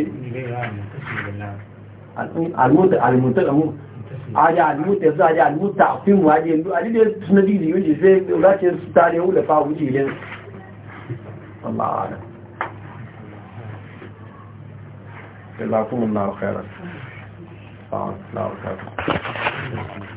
alìmọ̀tẹ́lẹ̀mù a almuta yanzu aje almuta a fi mu yanzu a dide suna didi yunji sai race su tare yau da fahu jilin Allah ala jazakumullahu khairan Allah khairan